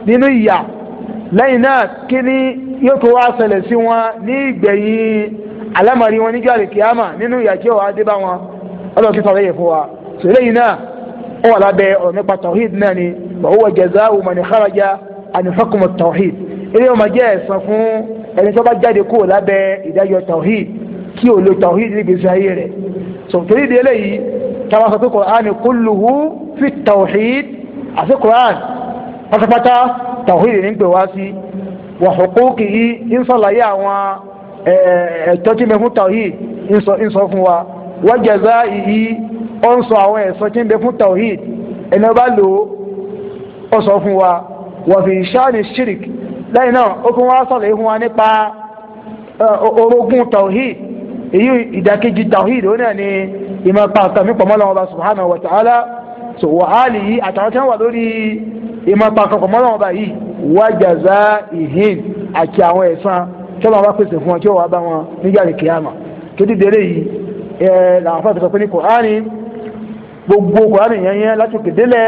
nínú ìyà lẹ́yìn náà kí ni yóò tó wá ṣẹlẹ̀ sí wọn ní ìgbẹ̀yìn alámọ̀rí wọn níjọ́ àlìkíyàmà nínú ìyà tí ó wà á dé bá wọn ọlọ́run kí sọ̀rọ̀ yẹ fún wa sọ̀rọ̀ yìí náà ó wà lábẹ́ ọ̀rọ̀ nípa tawhid náà ni wa huwa jazau man kharaja an hukm tawhid eré ọmọ jẹ́ ẹ̀san fún ẹni tó bá jáde kúrò lábẹ́ ìdájọ́ tawhid kí o lo tawhid níbi ìsọ ayé rẹ̀ sọ torí di eléyìí táwa sọ pé Qur'an kulluhu fi tawhid àti Qur'an pátápátá tàwíìdì ní pè wá sí wà hukuki yìí ń sọ̀láyé àwọn ẹ̀tọ́ tí mẹ́fún tàwíìdì ń sọ fún wa wa jazaihi ó ń sọ àwọn ẹ̀sọ́ tí ń bẹ fún tàwíìdì bá lò ó sọ fún wa wà fi ṣáàni shirik lẹ́yìn náà ó fún wa sọ̀láyé fún wa nípa orogún tàwíìdì èyí ìdàkejì tàwíìdì ó náà ni ìmọ̀ pàtàkì pọ̀mọ́lọ́wọ́ subhanahu wa ta'ala so wàhálì yìí àtàwọn tí wọ́n wà lórí ìmọ̀ pàkàkọ̀ mọ́lá wọn báyìí wájàzá ìhìn àti àwọn ẹ̀san tí wọ́n bá pèsè fún wọn tí wọ́n wá bá wọn nígbà lè kíyàmà tó ti délé yìí ẹ làwọn fàtí sọ pé ní kòhánì gbogbo kòhánì yẹn yẹn láti òkè délẹ̀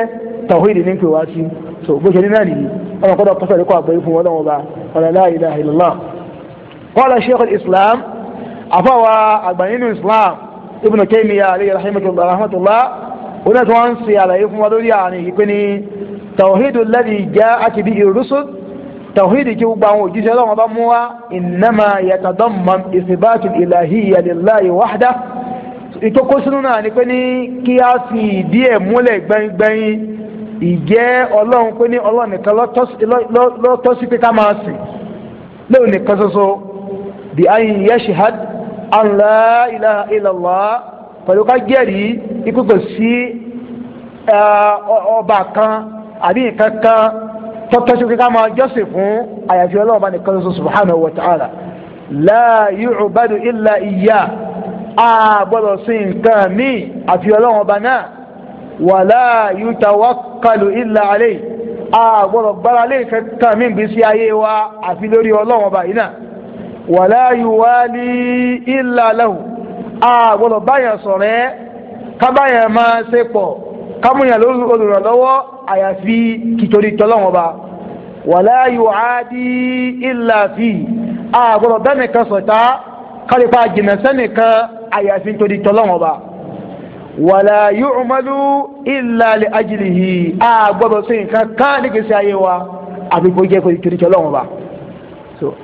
tàwíìdì ní pè sí so bó ṣe ní náà nìyí ọmọ kọ́dọ̀ kọ́sọ̀ lè kọ́ àgbẹ̀yìn fún ọlọ́wọ́n ba ọ̀là la ilaha illallah qala sheikh al-islam àfọwà àgbàyìn islam ibn Taymiyyah alayhi rahmatullah oníṣẹ́ wọn ń ṣe àlàyé fún wa lórí àárín ìpínlẹ̀ توحيد alladhi ja'at bihi ar-rusul tawhidi kí gbogbo àwọn òjíṣẹ́ Ọlọ́run bá mú wa innama yatadammam isbatu ilahiyya lillahi wahda ìkókó sínú náà ni pé ní kí a fi ìdí ẹ̀ múlẹ̀ gbẹ̀ngbẹ̀yìn ìjẹ́ Ọlọ́run pé ní Ọlọ́run nìkan lọ́tọ́ sí pé ká máa sìn lóun nìkan ṣoṣo bí ayin yashhad an la ilaha illallah pẹ̀lú ká jẹ́rìí ikú kò sí ọba kan àbí nǹkan kan tọ́tọ́sí kíkà máa jọ́sìn fún àyàfi ọlọ́ọ̀bá nìkan ṣoṣo subhanahu wa ta'ala la yu'badu illa iyyah a gbọ́dọ̀ sí nǹkan míì àfi ọlọ́ọ̀bá náà wala yutawakkalu illa alayhi a gbọ́dọ̀ gbára lé kankan míì bí sí ayé wa àfi lórí ọlọ́ọ̀bá yìí náà wala yuwali illa lahu a gbọ́dọ̀ báyàn ṣọ̀rẹ́ ká báyàn máa ṣe pọ̀ ká lórí olùrànlọ́wọ́ àyàfi kìtòrí tọ́lọ́wọ́n ba wàlá yu'adi illa fi àgbọ̀dọ̀ bẹ́ẹ̀ nìkan sọ̀tá kálífà jìnnà sẹ́nìkan àyàfi nítorí tọ́lọ́wọ́n ba wàlá yu'malu illa li ajlihi a gbọ́dọ̀ sí nǹkan ká ní kìí ayé wa àbí kò jẹ́ kò kiri jọ ba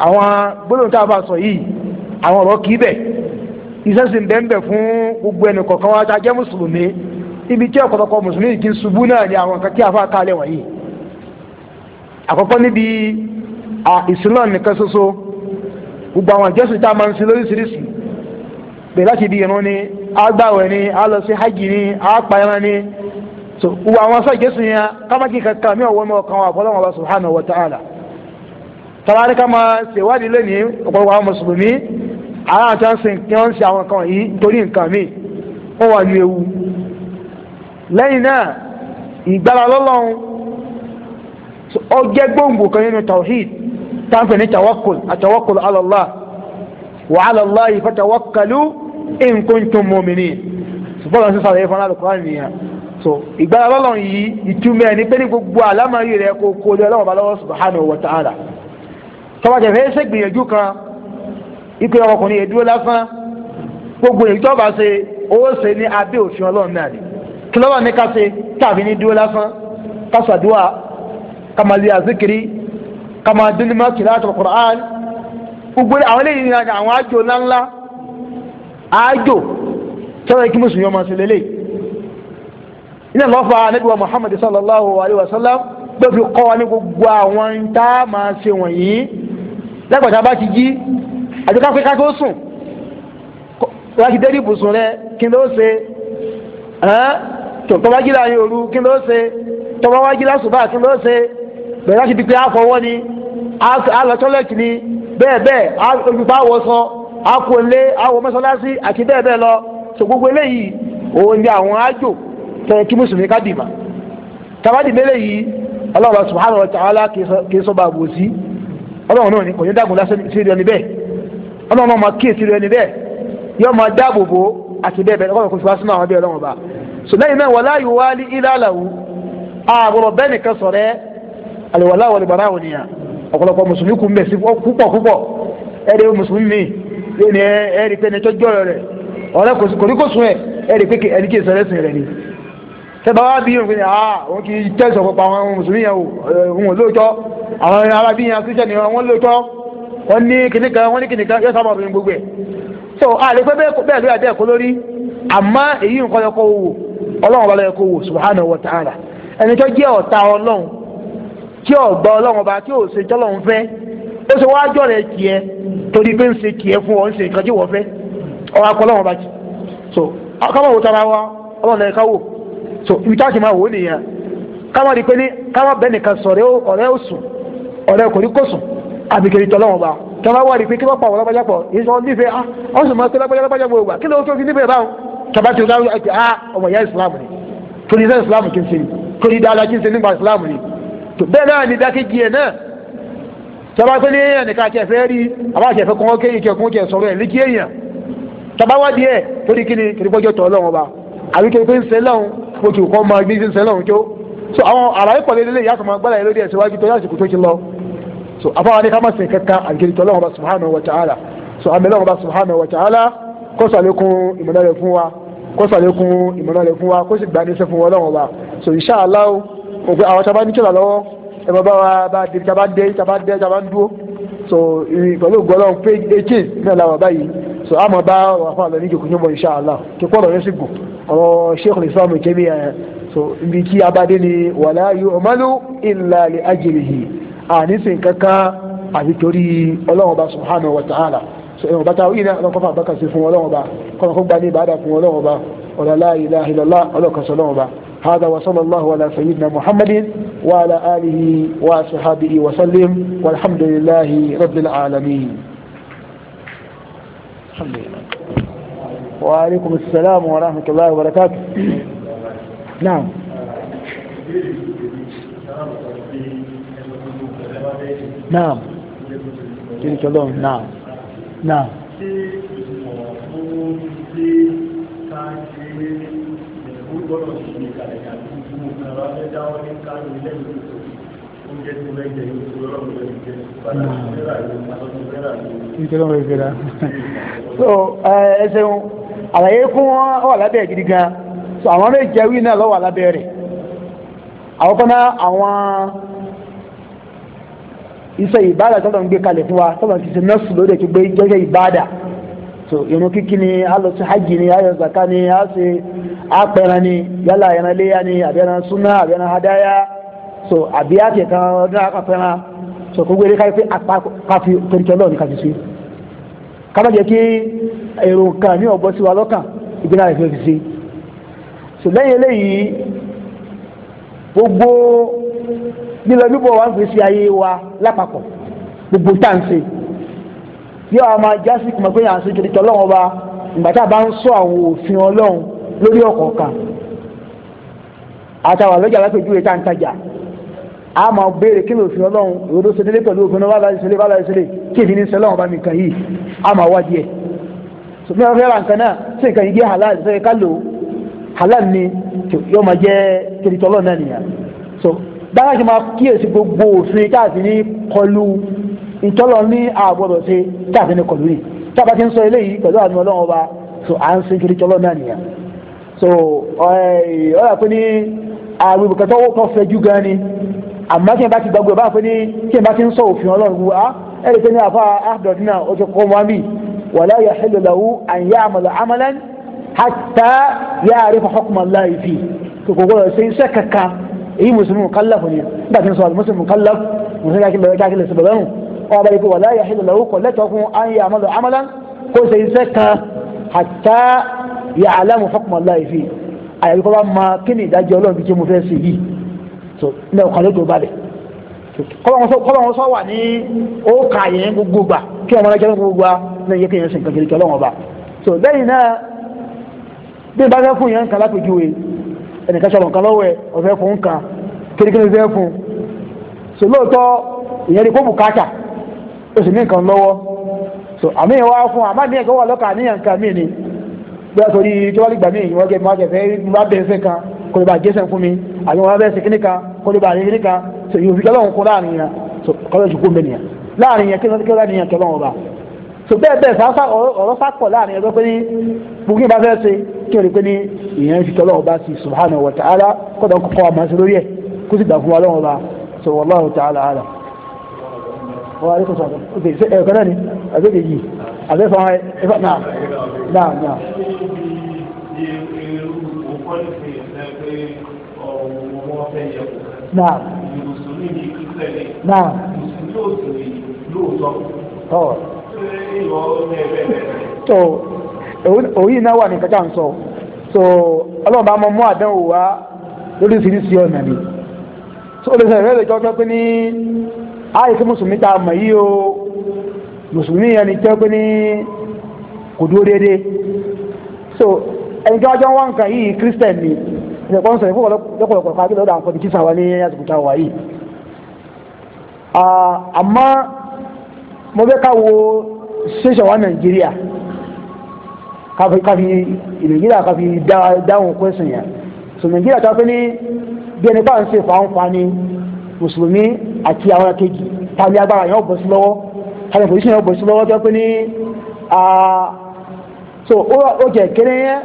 àwọn gbólóhùn tá a bá sọ yìí àwọn ọ̀rọ̀ kìí bẹ̀ iṣẹ́ sì ń bẹ́ ń bẹ̀ fún gbogbo ẹnì kọ̀ọ̀kan wa tá jẹ́ mùsùlùmí ibi tí ọ̀pọ̀lọpọ̀ mùsùlùmí kì í ṣubú náà ni àwọn nǹkan tí a fà kalẹ̀ wọ̀nyí àkọ́kọ́ níbi ìsìnlọ nìkan ṣoṣo gbogbo àwọn ìjọsìn tá a máa ń sin lóríṣiríṣi láti ibi ìrun ni agbáwẹ̀ ni alọ́sí hajj ni apayana ni so gbogbo àwọn afẹ́ ìjọsìn yẹn kámákì kankan mi ò wọ́n mi ọ̀kan wà ká máa ṣèwádìí lónìí ọ̀pọ̀lọpọ̀ àwọn mùsùlùmí àwọn àti ṣe lẹ́yìn náà ìgbàlá lọ́lọ́run ó jẹ́ gbòǹgbò kan nínú tawhid táǹfẹ̀ ní tawakkul àtawakkul ala Allah wa ala Allahi fatawakkalu in kuntum mu'minin ṣùgbọ́n sísọ àlàyé fún Al-Qur'an nìyẹn so ìgbàlá lọ́lọ́run yìí ìtumọ̀ ẹ̀ ní pé ní gbogbo àlámàrí rẹ̀ kó kó lé ọlọ́wọ́ bá lọ́wọ́ subhanahu wa ta'ala tọ́wájà fẹ́ ṣègbìyànjú kan ìpè ọkùnrin èdúró lásán gbogbo èyí ṣe ó ṣe ní abẹ́ òfin ọlọ́run náà ni kílọ́wà ní ká ṣe tàbí ní dúró lásán ká ṣàdúrà ká máa lè àzíkiri ká máa dín ní má kìlá àtọ̀ Qur'an gbogbo àwọn eléyìí ní àwọn àjò ńláńlá àjò tẹ́wọ́ kí mùsùlùmí ọmọ sí lélẹ̀ iná lọ́fà anábìwá Muhammad sallallahu alayhi wa sallam gbé fi kọ́ wa ní gbogbo àwọn ń tá a máa ṣe wọ̀nyí lẹ́gbàtà bá ti jí àti káfí káfí ó sùn láti dẹ́rì ibùsùn rẹ kí ló ṣe tó tọ́ba jí láàyè òru kí ló ṣe tọ́ba wá jí lásùbà kí ló ṣe bẹ̀rẹ̀ láti di pé àfọwọ́ ni àlọ́tọ́lẹ̀tì ni bẹ́ẹ̀ bẹ́ẹ̀ olùgbà àwọ̀sọ àkọlé àwọ̀ mọ́sálásí àti bẹ́ẹ̀ bẹ́ẹ̀ lọ tó gbogbo eléyìí òun ni àwọn àjò tẹ̀ kí mùsùlùmí ká dìmà tàbádì mélèé yìí ọlọ́run subhanahu wa ta'ala kì í sọ́ba àbòsí ọlọ́run náà ni kò ní dàgùn lásán sí ẹni bẹ́ẹ̀ ọlọ́run náà máa kíyèsí ẹni bẹ́ẹ̀ yóò máa dáàbò bò àti bẹ́ẹ̀ bẹ́ẹ̀ ọlọ́run kò fi wá sínú àwọn bẹ́ẹ̀ ọlọ́run ọba sùlẹ́yìn náà wọlá yìí wálé ìlàlàwù àbúrò bẹ́ẹ̀ nìkan sọ̀rọ̀ ẹ́ àlùwàlá wọlé bàrà wò nìyà ọ̀pọ̀lọpọ̀ mùsùlùmí kù ń bẹ̀ sí púpọ̀ púpọ̀ ẹ̀rí mùsùlùmí mi lónìí ẹ̀rí pé ẹni tó jọ̀rọ̀ rẹ̀ ọ̀rẹ́ kò ní kò sùn ẹ̀ ẹ̀rí ẹni kì í sọ̀rọ̀ ẹ̀sìn rẹ̀ ni tẹ́bà wá bí òfin àá òun kì í tẹ́sọ̀ pípa àwọn mùsùlùmí yẹn òun eh, lóòótọ́ àwọn arábí yẹn kírísítẹ́nì wọn lóòótọ́ wọn ní kìnìkan wọn ní kìnìkan yóò sábà bìnrin gbogbo ẹ̀ so àlè pé bẹ́ẹ̀ lóyà bẹ́ẹ̀ kó lórí èyí nǹkan yẹ kó ọlọ́run ọba ló kó wò subhanahu wa ta'ala ẹni tó jẹ́ ọ̀tá ọlọ́run tí ò ọlọ́run ọba tí ò tọ́lọ́run fẹ́ ó ṣe wá jọ̀ rẹ̀ tiẹ̀ torí pé ń ṣe tiẹ̀ fún ọ ń ṣe nǹkan tí wọ́n fẹ́ ọ̀rọ̀ akọ ọlọ́run ọba jì so káwọn wò tara wa ọlọ́run lẹ́yìn ká wò so ibi táàkì máa wò ó nìyẹn káwọn rí pé ní káwọn bẹ́ẹ̀ nìkan sọ̀rẹ́ ọ̀rẹ́ ò sùn ọ̀rẹ́ kò ní kò sùn àbíkèrè tọ́lọ́run ọba kí wọ́n wá pé kí wọ́n pa ọ̀rọ̀ lágbájá pọ̀ èyí tọba ti rárá ẹ ti a ah, ọmọ ìyá ìsìlámù ni torí iṣẹ́ ìsìlámù kì í ṣe ni torí dáadáa kì í ṣe nígbà ni bẹ́ẹ̀ náà ni dákẹ́jì ẹ̀ náà tọba pé ní èèyàn nìkan kẹ fẹ́ rí àbá kẹ fẹ́ kọ́ kéyìn kẹ kún kẹ sọ̀rọ̀ ẹ̀ lékì èèyàn tọba wá díẹ̀ torí kí ni kìrìpọ́jọ́ tọ̀ ọlọ́run ọba àbí kí ni pé o tù kọ́ máa gbé ń ṣe so àwọn àlàyé pọ̀ lélẹ́lẹ́ ìyá sọ̀mọ́ agbára lórí ẹ̀ síwájú tó yàtọ̀ tó ti lọ so afáwọn ni ká má sìn kankan àgbèrè tọ́ lọ́wọ́ bá subhanahu wa ta'ala so àmì wa bá subhanahu wa ta'ala kó sàlékún ìmọ̀lẹ́rẹ̀ fún wa kó sàlékún ìmọ̀nà rẹ̀ fún wa kó sì gbani iṣẹ́ fún wọn lọ́wọ́ wa so insha Allah mo pe àwọn taba ní kíra lọ́wọ́ ẹ bá wa bá dé taba dé taba dé taba dúró so pẹ̀lú gbọ́dọ̀ pé eke náà làwọn báyìí so a mọ̀ bá wà fún àlọ́ níjòkó yóò mọ̀ insha Allah kí kọ́ ọ̀rọ̀ yẹn sì gùn ọ̀rọ̀ Sheikhul Islam kẹ́mi ẹ̀ so ibi kí abadé ni wàlá yu'malu illa li ajlihi àníṣe kankan àbí Ọlọ́run bá subhanahu wa ta'ala sọ̀rọ̀ bàtà yìí náà ọlọ́kọ́fà bàkà sí fún ọlọ́wọ́ bá kọ́nàkó gba ní ìbáàdà fún ọlọ́wọ́ bá ọ̀rọ̀ la ilaha illallah ọlọ́kọ̀sọ̀ ọlọ́wọ́ bá هذا وصلى الله على سيدنا محمد وعلى آله وصحبه وسلم والحمد لله رب العالمين الحمد لله وعليكم السلام ورحمة الله وبركاته نعم نعم تلك اللون نعم náà so ẹsẹ̀ wọn àlàyé fún wọn wà lábẹ́ gidi gan so àwọn méjì jẹ́ wí náà lọ́wọ́ àlábẹ́ rẹ̀ àwọn kan àwọn iṣẹ́ ìbáàdà tọ́lọ̀ ń gbé kalẹ̀ fún wa tọ́lọ̀ ti ṣe nọ́ọ̀sì lóde tó gbé jẹ́jẹ́ ìbáàdà so irun kíkí ni a lọ sí hajj ni a yọ zaka ni a ṣe apẹran ni yálà ẹran léya ni àbí ẹran súná àbí ẹran hadaya so àbí àti ẹ̀ka ọdún akapẹran so kó gbé káyọ̀ pé apá káfí toríkẹ́ lọ́ọ̀ ní káfí sí kábà jẹ́ kí èrò nǹkan ní ọ̀bọ sí wa lọ́kàn ìgbéra rẹ̀ fẹ́ fi sí so lẹ́yìn eléyìí gbogbo lílọ bíbọ̀ wà ń fi ṣe ayé wa lápapọ̀ gbogbo tá à ń ṣe yóò àwọn máa jásí kùmọ̀ pé yàn án ṣe kiri tọ́ lọ́wọ́ ba ìgbà tá a bá ń sọ àwọn òfin ọlọ́run lórí ọ̀kọ̀ọ̀kan àtàwọn àlọ́jà lápèjúwe tá à ń tajà a máa béèrè kí ni òfin ọlọ́run ìwòdó ṣe délé pẹ̀lú òfin ọlọ́run bá ṣẹlẹ̀ bá ṣẹlẹ̀ kí èmi ní ṣe ọlọ́run bá mi kàn yìí a máa wá díẹ̀ halal ṣe ká lò halal ni yóò máa jẹ́ kiri tọ́lọ́ so báyà ṣe máa kíyèsí gbogbo òfin káàtì ní kọlu ìtọ́lọ ní àgbọ̀dọ̀ ṣe káàtì ní kọlu yìí tí a bá ti ń sọ eléyìí pẹ̀lú àdúrà ọlọ́run ọba so à ń sin kiri tọ́lọ́ náà nìyẹn so ọ̀rọ̀ àpé ní àwọn ìbùkẹ́tọ́ wọ́pọ̀ fẹjú gan ni àmọ́ tí a bá ti gbàgbé bá pé ní tí a bá ti ń sọ òfin ọlọ́run gbogbo ah ẹ̀rì pé ní àfa àdọ̀dún náà ó ti kọ́ wọn bí wala yahillu lahu èyí mùsùlùmí mùkálà fún yẹn nígbà tí ń sọ àlùmùsùlùmí mùkálà mùsùlùmí káàkiri bẹ̀rẹ̀ káàkiri lẹsẹ bẹ̀rẹ̀ hùn ọba bẹ̀rẹ̀ kó wàlá yàhìlì lọ́wọ́ kọ lẹ́tọ̀ọ́ fún ayé àmàlà àmàlà kó ṣe iṣẹ́ kan hatta ya'lamu hukma fi àyàbí kọ́ bá ma kí ni ìdájọ́ Ọlọ́run bíi tí mo fẹ́ ṣe yìí so ní ọkàn ló dùn balẹ̀ kọ́lá wọn sọ wà ní ó kà yẹn gbogbo gbà kí ọmọ ọlọ́jọ́ gbogbo gbà lẹ́yìn yẹ kí yẹn sìn kankan kí Ọlọ́run ọba so lẹ́yìn náà bí ìbáfẹ́ fún yẹn kan lápèjúwe ẹnìkan ṣọlọ̀ nǹkan lọ́wọ́ ẹ̀ ọ̀fẹ́ fún nǹkan kirikiri fẹ́ fún so lóòótọ́ ìyẹn ni kó bùkátà ó sì ní nǹkan lọ́wọ́ so àmì yẹn wá fún àmà mi ẹ̀kọ́ wà lọ́kà àníyàn nǹkan mi ni bí a torí tí wọ́n lè gbà mí ìwọ́n gẹ̀ máa gẹ̀fẹ́ bá bẹ̀rẹ̀ fẹ́ kan kó lè bá jẹ́sẹ̀ fún mi àbí wọ́n bẹ̀rẹ̀ sí kíní kan kó lè bá rí kíní kan so ìyóò fi kẹ́lọ́hún kún láàrin yẹn so kọ́lọ́ọ̀jù kún bẹ́ẹ̀ nìyẹn láàrin so bẹ́ẹ̀ bẹ́ẹ̀ fà ọ̀rọ̀ sápọ̀ láàrin ẹgbẹ́ pé ní gbogbo ìbá fẹ́ ṣe kí o rí pé ní ìyẹn fi tọ́lọ́wọ́ bá sí subhanahu wa ta'ala kọ́dọ̀ kọ́kọ́ wa máa ṣe lórí ẹ̀ kó sì gbà fún wa lọ́wọ́ bá so wallahu ta'ala ala. wọ́n á rí kòsàn ọ̀gbìn ṣe ẹ̀kọ́ náà ni àgbẹ̀dẹ̀ yìí àgbẹ̀fọ́ ẹ̀fọ́ náà náà náà. Naam. Naam. Naam tó òyìn náà wà ní kẹta ń sọ so ọlọ́run bá mọ mú àdánwò wá lóríṣiríṣi ọ̀nà ni so ó lè sọ ìrẹ́lẹ̀ jọ́jọ́ pé ní àìsí mùsùlùmí tá a mọ̀ yí o mùsùlùmí yẹn ni jẹ́ pé ní kò dúró déédéé so ẹni tí wọ́n jọ ń wá nǹkan yìí kírísítẹ̀n ni ìṣẹ̀kọ́ ń sọ ìfowó lọ́pọ̀lọpọ̀ káàkiri lọ́dọ̀ àwọn kọ̀dìtì sáwà ní mo fẹ́ ká wo ṣẹ̀ṣẹ̀ wa nàìjíríà káfi káfi nàìjíríà káfi dáhùn kwẹ́sìn yẹn so nàìjíríà ta fẹ́ ní bí ẹni báyìí ṣe fàǹfà ni mùsùlùmí àti àwọn akéjì tàbí agbára yẹn ó bọ̀ sí lọ́wọ́ tàbí pòsíṣìn yẹn ó bọ̀ sí lọ́wọ́ tó fẹ́ ní so ó jẹ́ kéré yẹn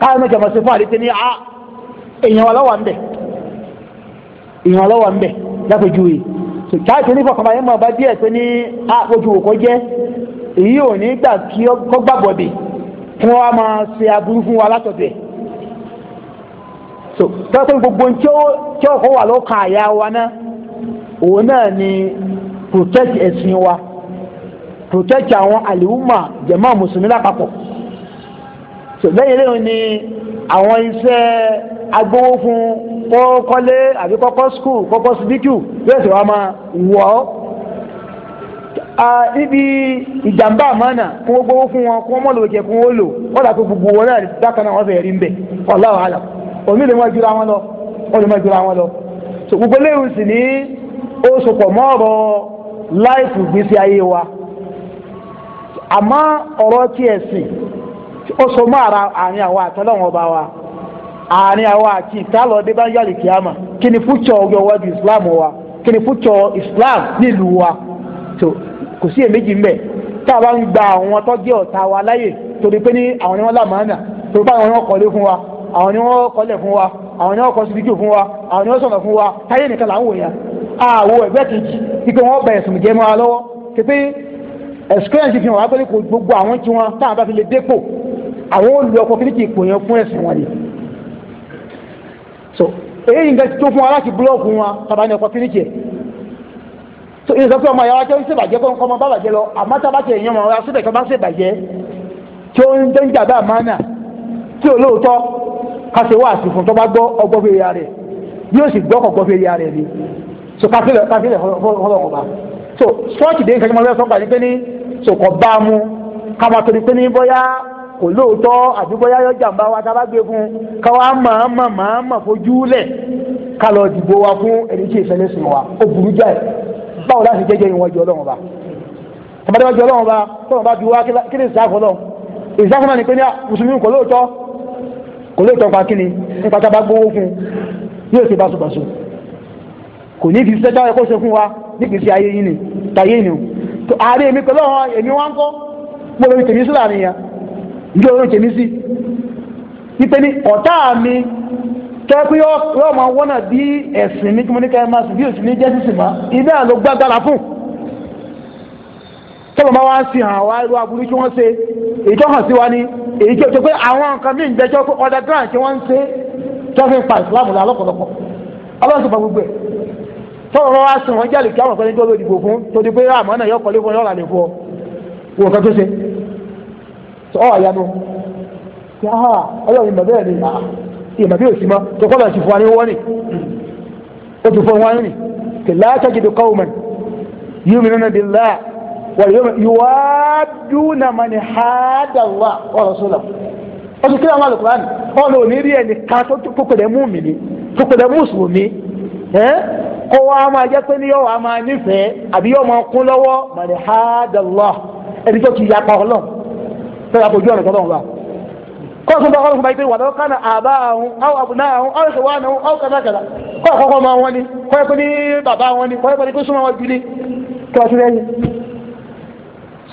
káyọ̀ mẹ́jọ mọ̀ sí fún àdéhùn ní a èèyàn wà lọ́wọ́ ń bẹ̀ èèyàn wà lọ́wọ́ ń bẹ̀ lápẹ̀júwe káàkiri onífọkànbá yẹn máa bá díẹ̀ pé ní ah, ojú òkò jẹ́ èyí ò ní gbà kí ó gbàgbọ́ dè fún wa máa ṣe aburú fún wa látọ̀dẹ̀ so tọ́pẹ́ gbogbo tí ó kọ́ wà lọ́kàn àyà wa náà òun náà ni protect ẹ̀sìn wa protect àwọn àlìwùmà jẹ̀mọ́ mùsùlùmí lápapọ̀ so lẹ́yìn lẹ́yìn ni àwọn iṣẹ́ agbowó fún kọ́kọ́lé àbí kọ́kọ́ skul kọ́kọ́ síbíkù yóò sì wá máa wọ̀ ọ́ níbi ìjàmbá àmàna kún gbowó fún wọn kún mọ́lò òkè kún ó lò wọ́n dà pé gbogbo wọn náà dákan náà fẹ̀ẹ́ rí ń bẹ̀ Allahu alam òmí lè mọ́ jura wọn lọ wọ́n lè mọ́ jura wọn lọ so gbogbo léwu sì ní ó sopọ̀ mọ́ ọ̀rọ̀ láìpù gbèsè ayé wa àmọ́ ọ̀rọ̀ tí ẹ̀sìn ó so mọ́ ara àárín àwa àtọ́lọ́wọ́n ọba wa àárín àwa àti ìtàlọ́ dé bá yàrá kìámà kí ni future ọjọ́ iwájú islam wa kí ni islam nílùú wa kò sí èméjì ń bẹ̀ tá a bá ń gba àwọn tó ọ̀tá wa láyè torí pé ni wọ́n lámàánà torí pé ni wọ́n kọ́lé fún wa àwọn ni wọ́n kọ́lẹ̀ fún wa àwọn ni wọ́n kọ́ fún wa àwọn ni wọ́n sọ̀rọ̀ wa táyé nìkan là ń wò yẹn àwo ẹgbẹ́ kejì wọn bẹ̀rẹ̀ sùn jẹ́ mọ́ra experience fi hàn wá pé gbogbo àwọn tí wọn táwọn bá fi lè dépò àwọn olùlọ ọkọ kìíní kì í pòyàn fún ẹsìn wọn ni so èyí nǹkan tó fún wa láti búlọ́ọ̀kù wọn tàbá ní ọkọ kìíní kì í so ìyẹn sọ pé ọmọ ìyá wa jẹ́ ń ṣèbàjẹ́ kó ń kọ́ ọmọ bá bàjẹ́ lọ àmọ́ tá a bá ti èèyàn wọn síbẹ̀ kí wọ́n bá ṣèbàjẹ́ tí ó ń dẹ́njà bá àmánà tí ò ká ṣe wá àsìkò tó bá gbọ́ ọgbọ́ fèrè rẹ̀ yóò sì gbọ́ kọ̀ọ̀gbọ́ fèrè rẹ̀ ni so ká sílẹ̀ ká so ṣọ́ọ̀kì dé nǹkan tí mo fẹ́ sọ́kà ní pé ní sòkò bá a mú ká máa torí pé ní bóyá kò lóòótọ́ àbí bóyá yọ jàǹbá wa tábà gbé fún ká wá màámà màámà fojú lẹ̀ ká lọ dìbò wa fún ẹni tí ìfẹ́ lẹ́sìn wa ó burú jáì báwo láti jẹ́jẹ́ ìwọ̀n jọ ọlọ́run ba tàbátàbá jọ ọlọ́run ba tọ́lọ́run bá bi wá kí ni ìsáfọ́ lọ ìsáfọ́ náà ni pé ní mùsùlùmí kò lóòótọ́ kò lóòótọ́ pa kí ni nípa tábà gbówó fún yóò ṣe báṣubàṣu kò ní ìdí sẹ́jọ́ ẹ̀kọ́ ṣe fún wa nígbèsí ayé yìí ni tàyé ni o tó ààrẹ èmi pẹ̀lú àwọn èmi wá ń kọ́ mo lórí tèmi sí láàrin ya njẹ́ olórí tèmi sí wípé ní ọ̀tá mi tọ́ pé yọ máa wọ́nà bí ẹ̀sìn ní kí mo ní ká ẹ máa sùn bí òsì ní jẹ́ sísìn mọ́ ibẹ̀ à ló gbàgbára fún tọ́lọ̀ máa wá ń sin hàn wá irú aburú tí wọ́n ṣe èyí tó hàn sí wa ni èyí tó pé àwọn nǹkan mí ń gbẹjọ́ pé underground tí wọ́n ń ṣe tó fi ń pa ìsìlámù lálọ́pọ̀lọpọ̀ ọlọ́sùn pa gbogbo ẹ̀ tọrọ wa sùn wọn jálè kí àwọn kan ní tó lòdìbò fún tó di pé àmọ́ náà yọ kọ́lé fún yọ̀ọ̀rà lè fún ọ wọ́n kan tó ṣe ọ àyànú kí á ọlọ́run ìmọ̀ bẹ́ẹ̀ ni ah, ìmọ̀ bí òsì mọ́ tó kọ́ lọ sí fún wa ní wọ́n nì ó ti fún wa ní kì láàkà jìdù kọ́ọ̀mọ̀n yìí mi nínú bìlá wà yíwá dúnà mani hádàlá ọ̀rọ̀ sọ́lọ̀ ó ti kíra wọn lọ ọ̀nà òní rí ẹni ká tó kọ̀dẹ̀ kó wá máa jẹ́ pé ní yóò wá máa nífẹ̀ẹ́ àbí yóò máa kún lọ́wọ́ màdì hádàlá ẹni tó ti yapa ọlọ́ fẹ́ràn àpòjú ọ̀nà tọ́lọ́ wa kó tún bá ọlọ́run bá yí pé wàlọ́ kánà àbá àwọn àwọn àbùnà àwọn àwọn ìṣòwò àwọn àwọn kàdákàdá kó àkọ́kọ́ máa wọn ni kó yẹ pé ní bàbá wọn ni kó yẹ pé ní kó súnmọ́ wọn jùlí kí wọ́n ti rẹ́yìn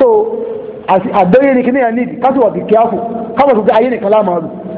so àgbẹ̀yẹ ni kìnìyàn